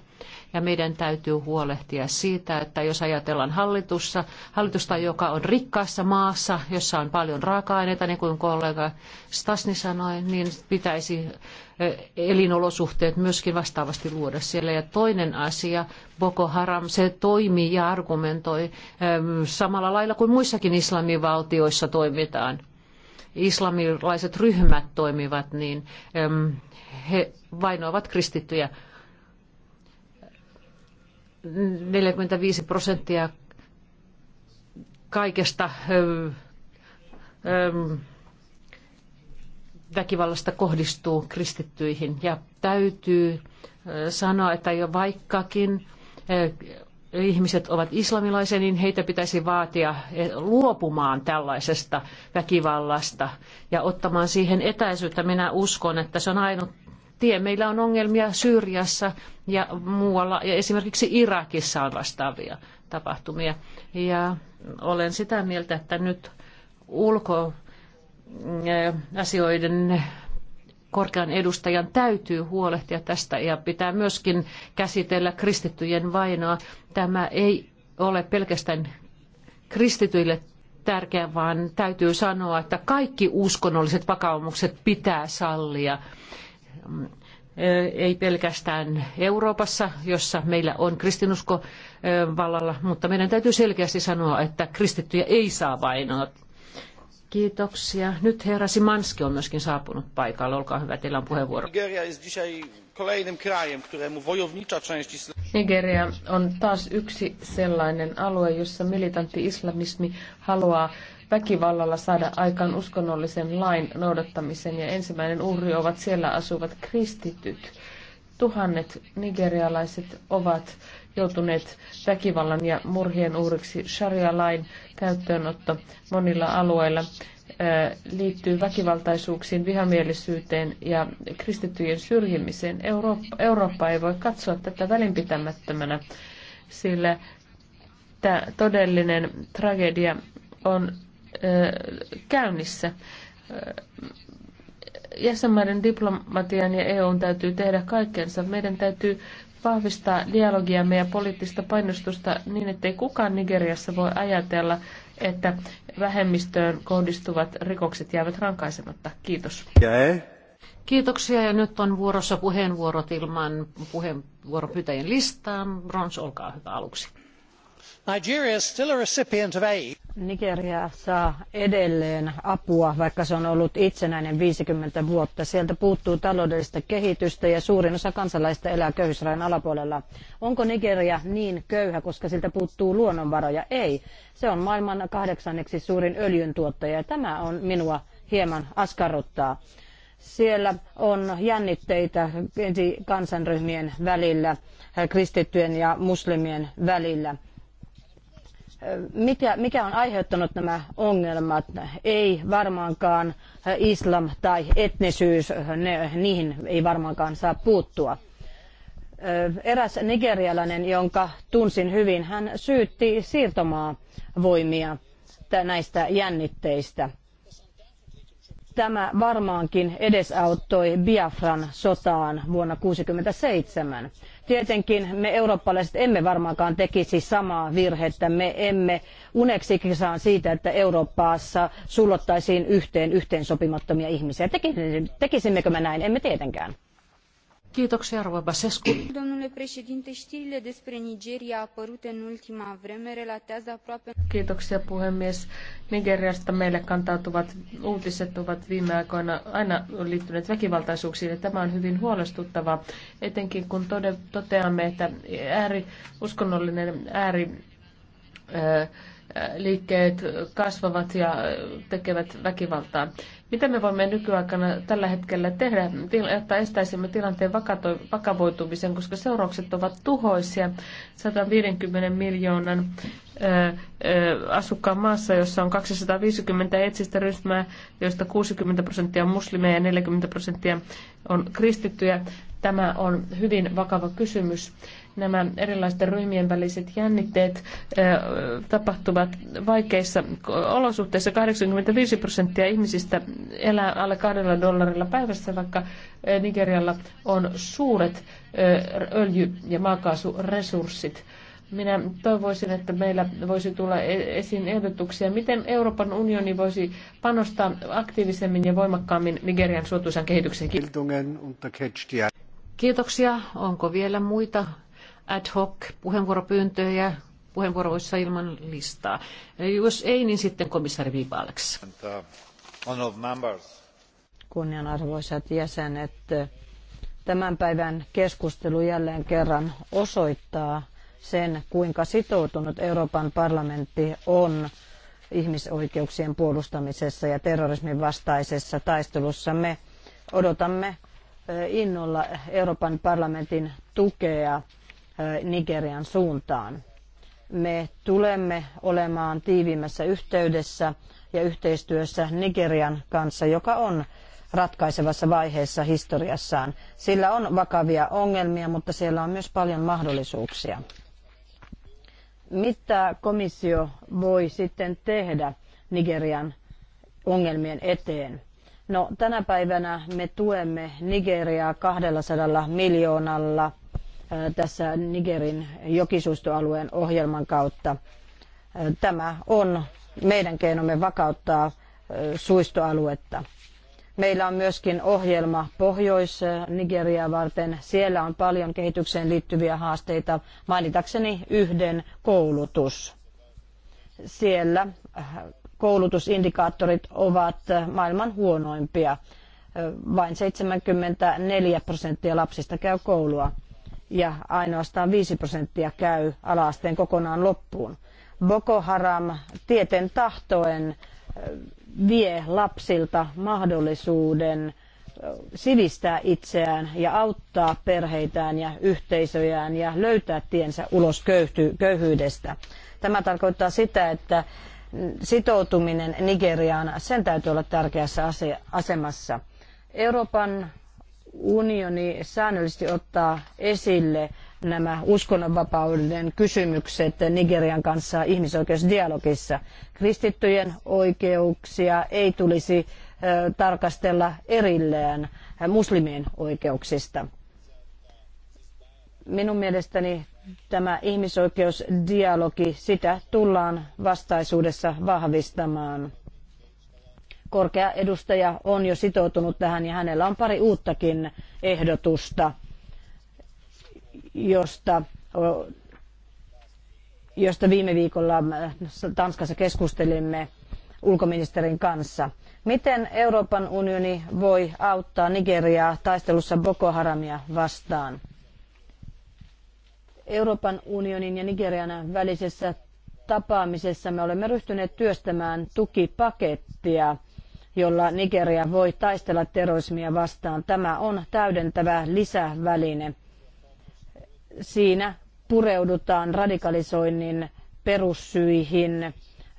Ja meidän täytyy huolehtia siitä, että jos ajatellaan hallitussa hallitusta joka on rikkaassa maassa, jossa on paljon raaka-aineita, niin kuin kollega Stasni sanoi, niin pitäisi elinolosuhteet myöskin vastaavasti luoda siellä. Ja toinen asia, Boko Haram, se toimii ja argumentoi samalla lailla kuin muissakin islamivaltioissa toimitaan islamilaiset ryhmät toimivat, niin he vainoavat kristittyjä. 45 prosenttia kaikesta väkivallasta kohdistuu kristittyihin. Ja täytyy sanoa, että jo vaikkakin ihmiset ovat islamilaisia, niin heitä pitäisi vaatia luopumaan tällaisesta väkivallasta ja ottamaan siihen etäisyyttä. Minä uskon, että se on ainut tie. Meillä on ongelmia Syyriassa ja muualla, ja esimerkiksi Irakissa on vastaavia tapahtumia. Ja olen sitä mieltä, että nyt ulkoasioiden korkean edustajan täytyy huolehtia tästä ja pitää myöskin käsitellä kristittyjen vainoa. Tämä ei ole pelkästään kristityille tärkeä, vaan täytyy sanoa, että kaikki uskonnolliset vakaumukset pitää sallia. Ei pelkästään Euroopassa, jossa meillä on kristinusko vallalla, mutta meidän täytyy selkeästi sanoa, että kristittyjä ei saa vainoa Kiitoksia. Nyt herra Simanski on myöskin saapunut paikalle. Olkaa hyvä, teillä on puheenvuoro. Nigeria on taas yksi sellainen alue, jossa militantti islamismi haluaa väkivallalla saada aikaan uskonnollisen lain noudattamisen ja ensimmäinen uhri ovat siellä asuvat kristityt. Tuhannet nigerialaiset ovat joutuneet väkivallan ja murhien uhriksi. Sharia-lain käyttöönotto monilla alueilla liittyy väkivaltaisuuksiin, vihamielisyyteen ja kristittyjen syrjimiseen. Eurooppa, Eurooppa ei voi katsoa tätä välinpitämättömänä, sillä tämä todellinen tragedia on käynnissä. Jäsenmaiden diplomatian ja EUn täytyy tehdä kaikkensa. Meidän täytyy vahvistaa dialogiamme ja poliittista painostusta niin, ettei kukaan Nigeriassa voi ajatella, että vähemmistöön kohdistuvat rikokset jäävät rankaisematta. Kiitos. Kiitoksia ja nyt on vuorossa puheenvuorot ilman puheenvuoropyytäjien listaa. Brons, olkaa hyvä aluksi. Nigeria saa edelleen apua, vaikka se on ollut itsenäinen 50 vuotta. Sieltä puuttuu taloudellista kehitystä ja suurin osa kansalaista elää köyhyysrajan alapuolella. Onko Nigeria niin köyhä, koska siltä puuttuu luonnonvaroja? Ei. Se on maailman kahdeksanneksi suurin öljyntuottaja ja tämä on minua hieman askarruttaa. Siellä on jännitteitä kansanryhmien välillä, kristittyjen ja muslimien välillä mikä, mikä on aiheuttanut nämä ongelmat? Ei varmaankaan äh, islam tai etnisyys, äh, ne, niihin ei varmaankaan saa puuttua. Äh, eräs nigerialainen, jonka tunsin hyvin, hän syytti siirtomaa voimia näistä jännitteistä. Tämä varmaankin edesauttoi Biafran sotaan vuonna 1967. Tietenkin me eurooppalaiset emme varmaankaan tekisi samaa virhettä. Me emme uneksikaan siitä, että Euroopassa sullottaisiin yhteen yhteensopimattomia ihmisiä. Tekisimmekö me näin? Emme tietenkään. Domnule președinte, știrile despre Nigeria apărute în ultima vreme relatează aproape... Kiitoksia, puhemies. Nigeriasta meille kantautuvat uutiset ovat viime aikoina aina liittyneet väkivaltaisuuksiin, ja tämä on hyvin huolestuttavaa, etenkin kun tode, toteamme, että ääri, uskonnollinen ääri... Ää, liikkeet kasvavat ja tekevät väkivaltaa. Mitä me voimme nykyaikana tällä hetkellä tehdä, että estäisimme tilanteen vakavoitumisen, koska seuraukset ovat tuhoisia 150 miljoonan asukkaan maassa, jossa on 250 etsistä ryhmää, joista 60 prosenttia on muslimeja ja 40 prosenttia on kristittyjä. Tämä on hyvin vakava kysymys nämä erilaisten ryhmien väliset jännitteet tapahtuvat vaikeissa olosuhteissa. 85 prosenttia ihmisistä elää alle kahdella dollarilla päivässä, vaikka Nigerialla on suuret öljy- ja maakaasuresurssit. Minä toivoisin, että meillä voisi tulla e-, esiin ehdotuksia, miten Euroopan unioni voisi panostaa aktiivisemmin ja voimakkaammin Nigerian suotuisan kehityksen. Kiitoksia. Onko vielä muita ad hoc puheenvuoropyyntöjä puheenvuoroissa ilman listaa. Jos ei, niin sitten komissaari Viipaleks. Uh, Kunnianarvoisat jäsenet, tämän päivän keskustelu jälleen kerran osoittaa sen, kuinka sitoutunut Euroopan parlamentti on ihmisoikeuksien puolustamisessa ja terrorismin vastaisessa taistelussa. Me odotamme eh, innolla Euroopan parlamentin tukea Nigerian suuntaan. Me tulemme olemaan tiiviimmässä yhteydessä ja yhteistyössä Nigerian kanssa, joka on ratkaisevassa vaiheessa historiassaan. Sillä on vakavia ongelmia, mutta siellä on myös paljon mahdollisuuksia. Mitä komissio voi sitten tehdä Nigerian ongelmien eteen? No, tänä päivänä me tuemme Nigeriaa 200 miljoonalla Äh, tässä Nigerin jokisuistoalueen ohjelman kautta. Äh, tämä on meidän keinomme vakauttaa äh, suistoaluetta. Meillä on myöskin ohjelma Pohjois-Nigeriaa varten. Siellä on paljon kehitykseen liittyviä haasteita. Mainitakseni yhden koulutus. Siellä koulutusindikaattorit ovat maailman huonoimpia. Vain 74 prosenttia lapsista käy koulua ja ainoastaan 5 prosenttia käy alaasteen kokonaan loppuun. Boko Haram tieten tahtoen vie lapsilta mahdollisuuden sivistää itseään ja auttaa perheitään ja yhteisöjään ja löytää tiensä ulos köyhyydestä. Tämä tarkoittaa sitä, että sitoutuminen Nigeriaan, sen täytyy olla tärkeässä asemassa. Euroopan unioni säännöllisesti ottaa esille nämä uskonnonvapauden kysymykset Nigerian kanssa ihmisoikeusdialogissa. Kristittyjen oikeuksia ei tulisi tarkastella erillään muslimien oikeuksista. Minun mielestäni tämä ihmisoikeusdialogi, sitä tullaan vastaisuudessa vahvistamaan korkea edustaja on jo sitoutunut tähän ja hänellä on pari uuttakin ehdotusta, josta, josta viime viikolla Tanskassa keskustelimme ulkoministerin kanssa. Miten Euroopan unioni voi auttaa Nigeriaa taistelussa Boko Haramia vastaan? Euroopan unionin ja Nigerian välisessä tapaamisessa me olemme ryhtyneet työstämään tukipakettia – jolla Nigeria voi taistella terrorismia vastaan. Tämä on täydentävä lisäväline. Siinä pureudutaan radikalisoinnin perussyihin,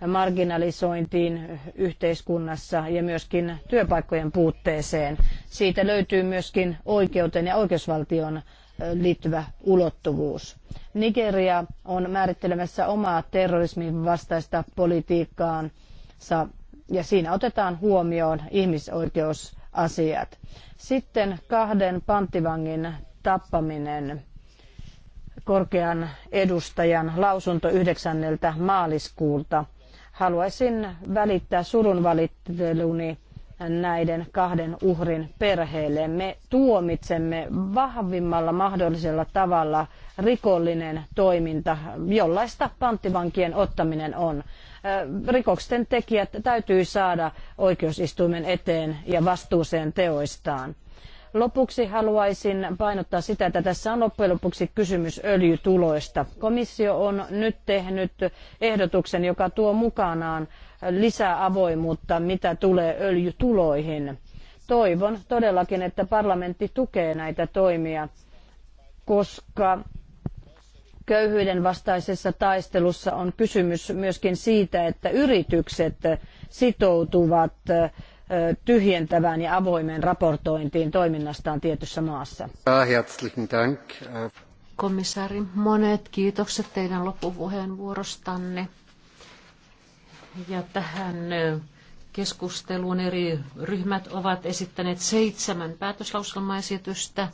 marginalisointiin yhteiskunnassa ja myöskin työpaikkojen puutteeseen. Siitä löytyy myöskin oikeuteen ja oikeusvaltion liittyvä ulottuvuus. Nigeria on määrittelemässä omaa terrorismin vastaista politiikkaansa ja siinä otetaan huomioon ihmisoikeusasiat. Sitten kahden panttivangin tappaminen korkean edustajan lausunto 9. maaliskuulta. Haluaisin välittää surunvalitteluni näiden kahden uhrin perheelle. Me tuomitsemme vahvimmalla mahdollisella tavalla rikollinen toiminta, jollaista panttivankien ottaminen on. Rikosten tekijät täytyy saada oikeusistuimen eteen ja vastuuseen teoistaan. Lopuksi haluaisin painottaa sitä, että tässä on loppujen lopuksi kysymys öljytuloista. Komissio on nyt tehnyt ehdotuksen, joka tuo mukanaan lisää avoimuutta, mitä tulee öljytuloihin. Toivon todellakin, että parlamentti tukee näitä toimia, koska köyhyyden vastaisessa taistelussa on kysymys myöskin siitä, että yritykset sitoutuvat tyhjentävään ja avoimeen raportointiin toiminnastaan tietyssä maassa. Komissaari, monet kiitokset teidän loppupuheenvuorostanne. Ja tähän keskusteluun eri ryhmät ovat esittäneet seitsemän päätöslauselmaesitystä.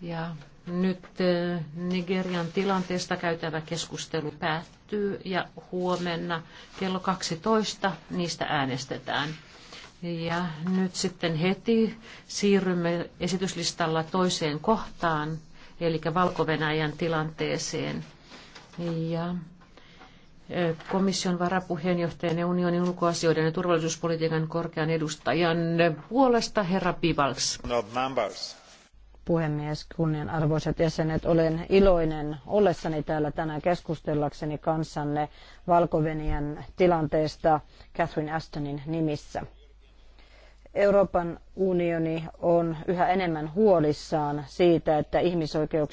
Ja nyt eh, Nigerian tilanteesta käytävä keskustelu päättyy ja huomenna kello 12 niistä äänestetään. Ja nyt sitten heti siirrymme esityslistalla toiseen kohtaan, eli valko tilanteeseen. Ja eh, komission varapuheenjohtajan ja unionin ulkoasioiden ja turvallisuuspolitiikan korkean edustajan puolesta herra Pivals. No, members puhemies, kunnianarvoiset jäsenet. Olen iloinen ollessani täällä tänään keskustellakseni kanssanne valko tilanteesta Catherine Ashtonin nimissä. Euroopan unioni on yhä enemmän huolissaan siitä, että ihmisoikeuksia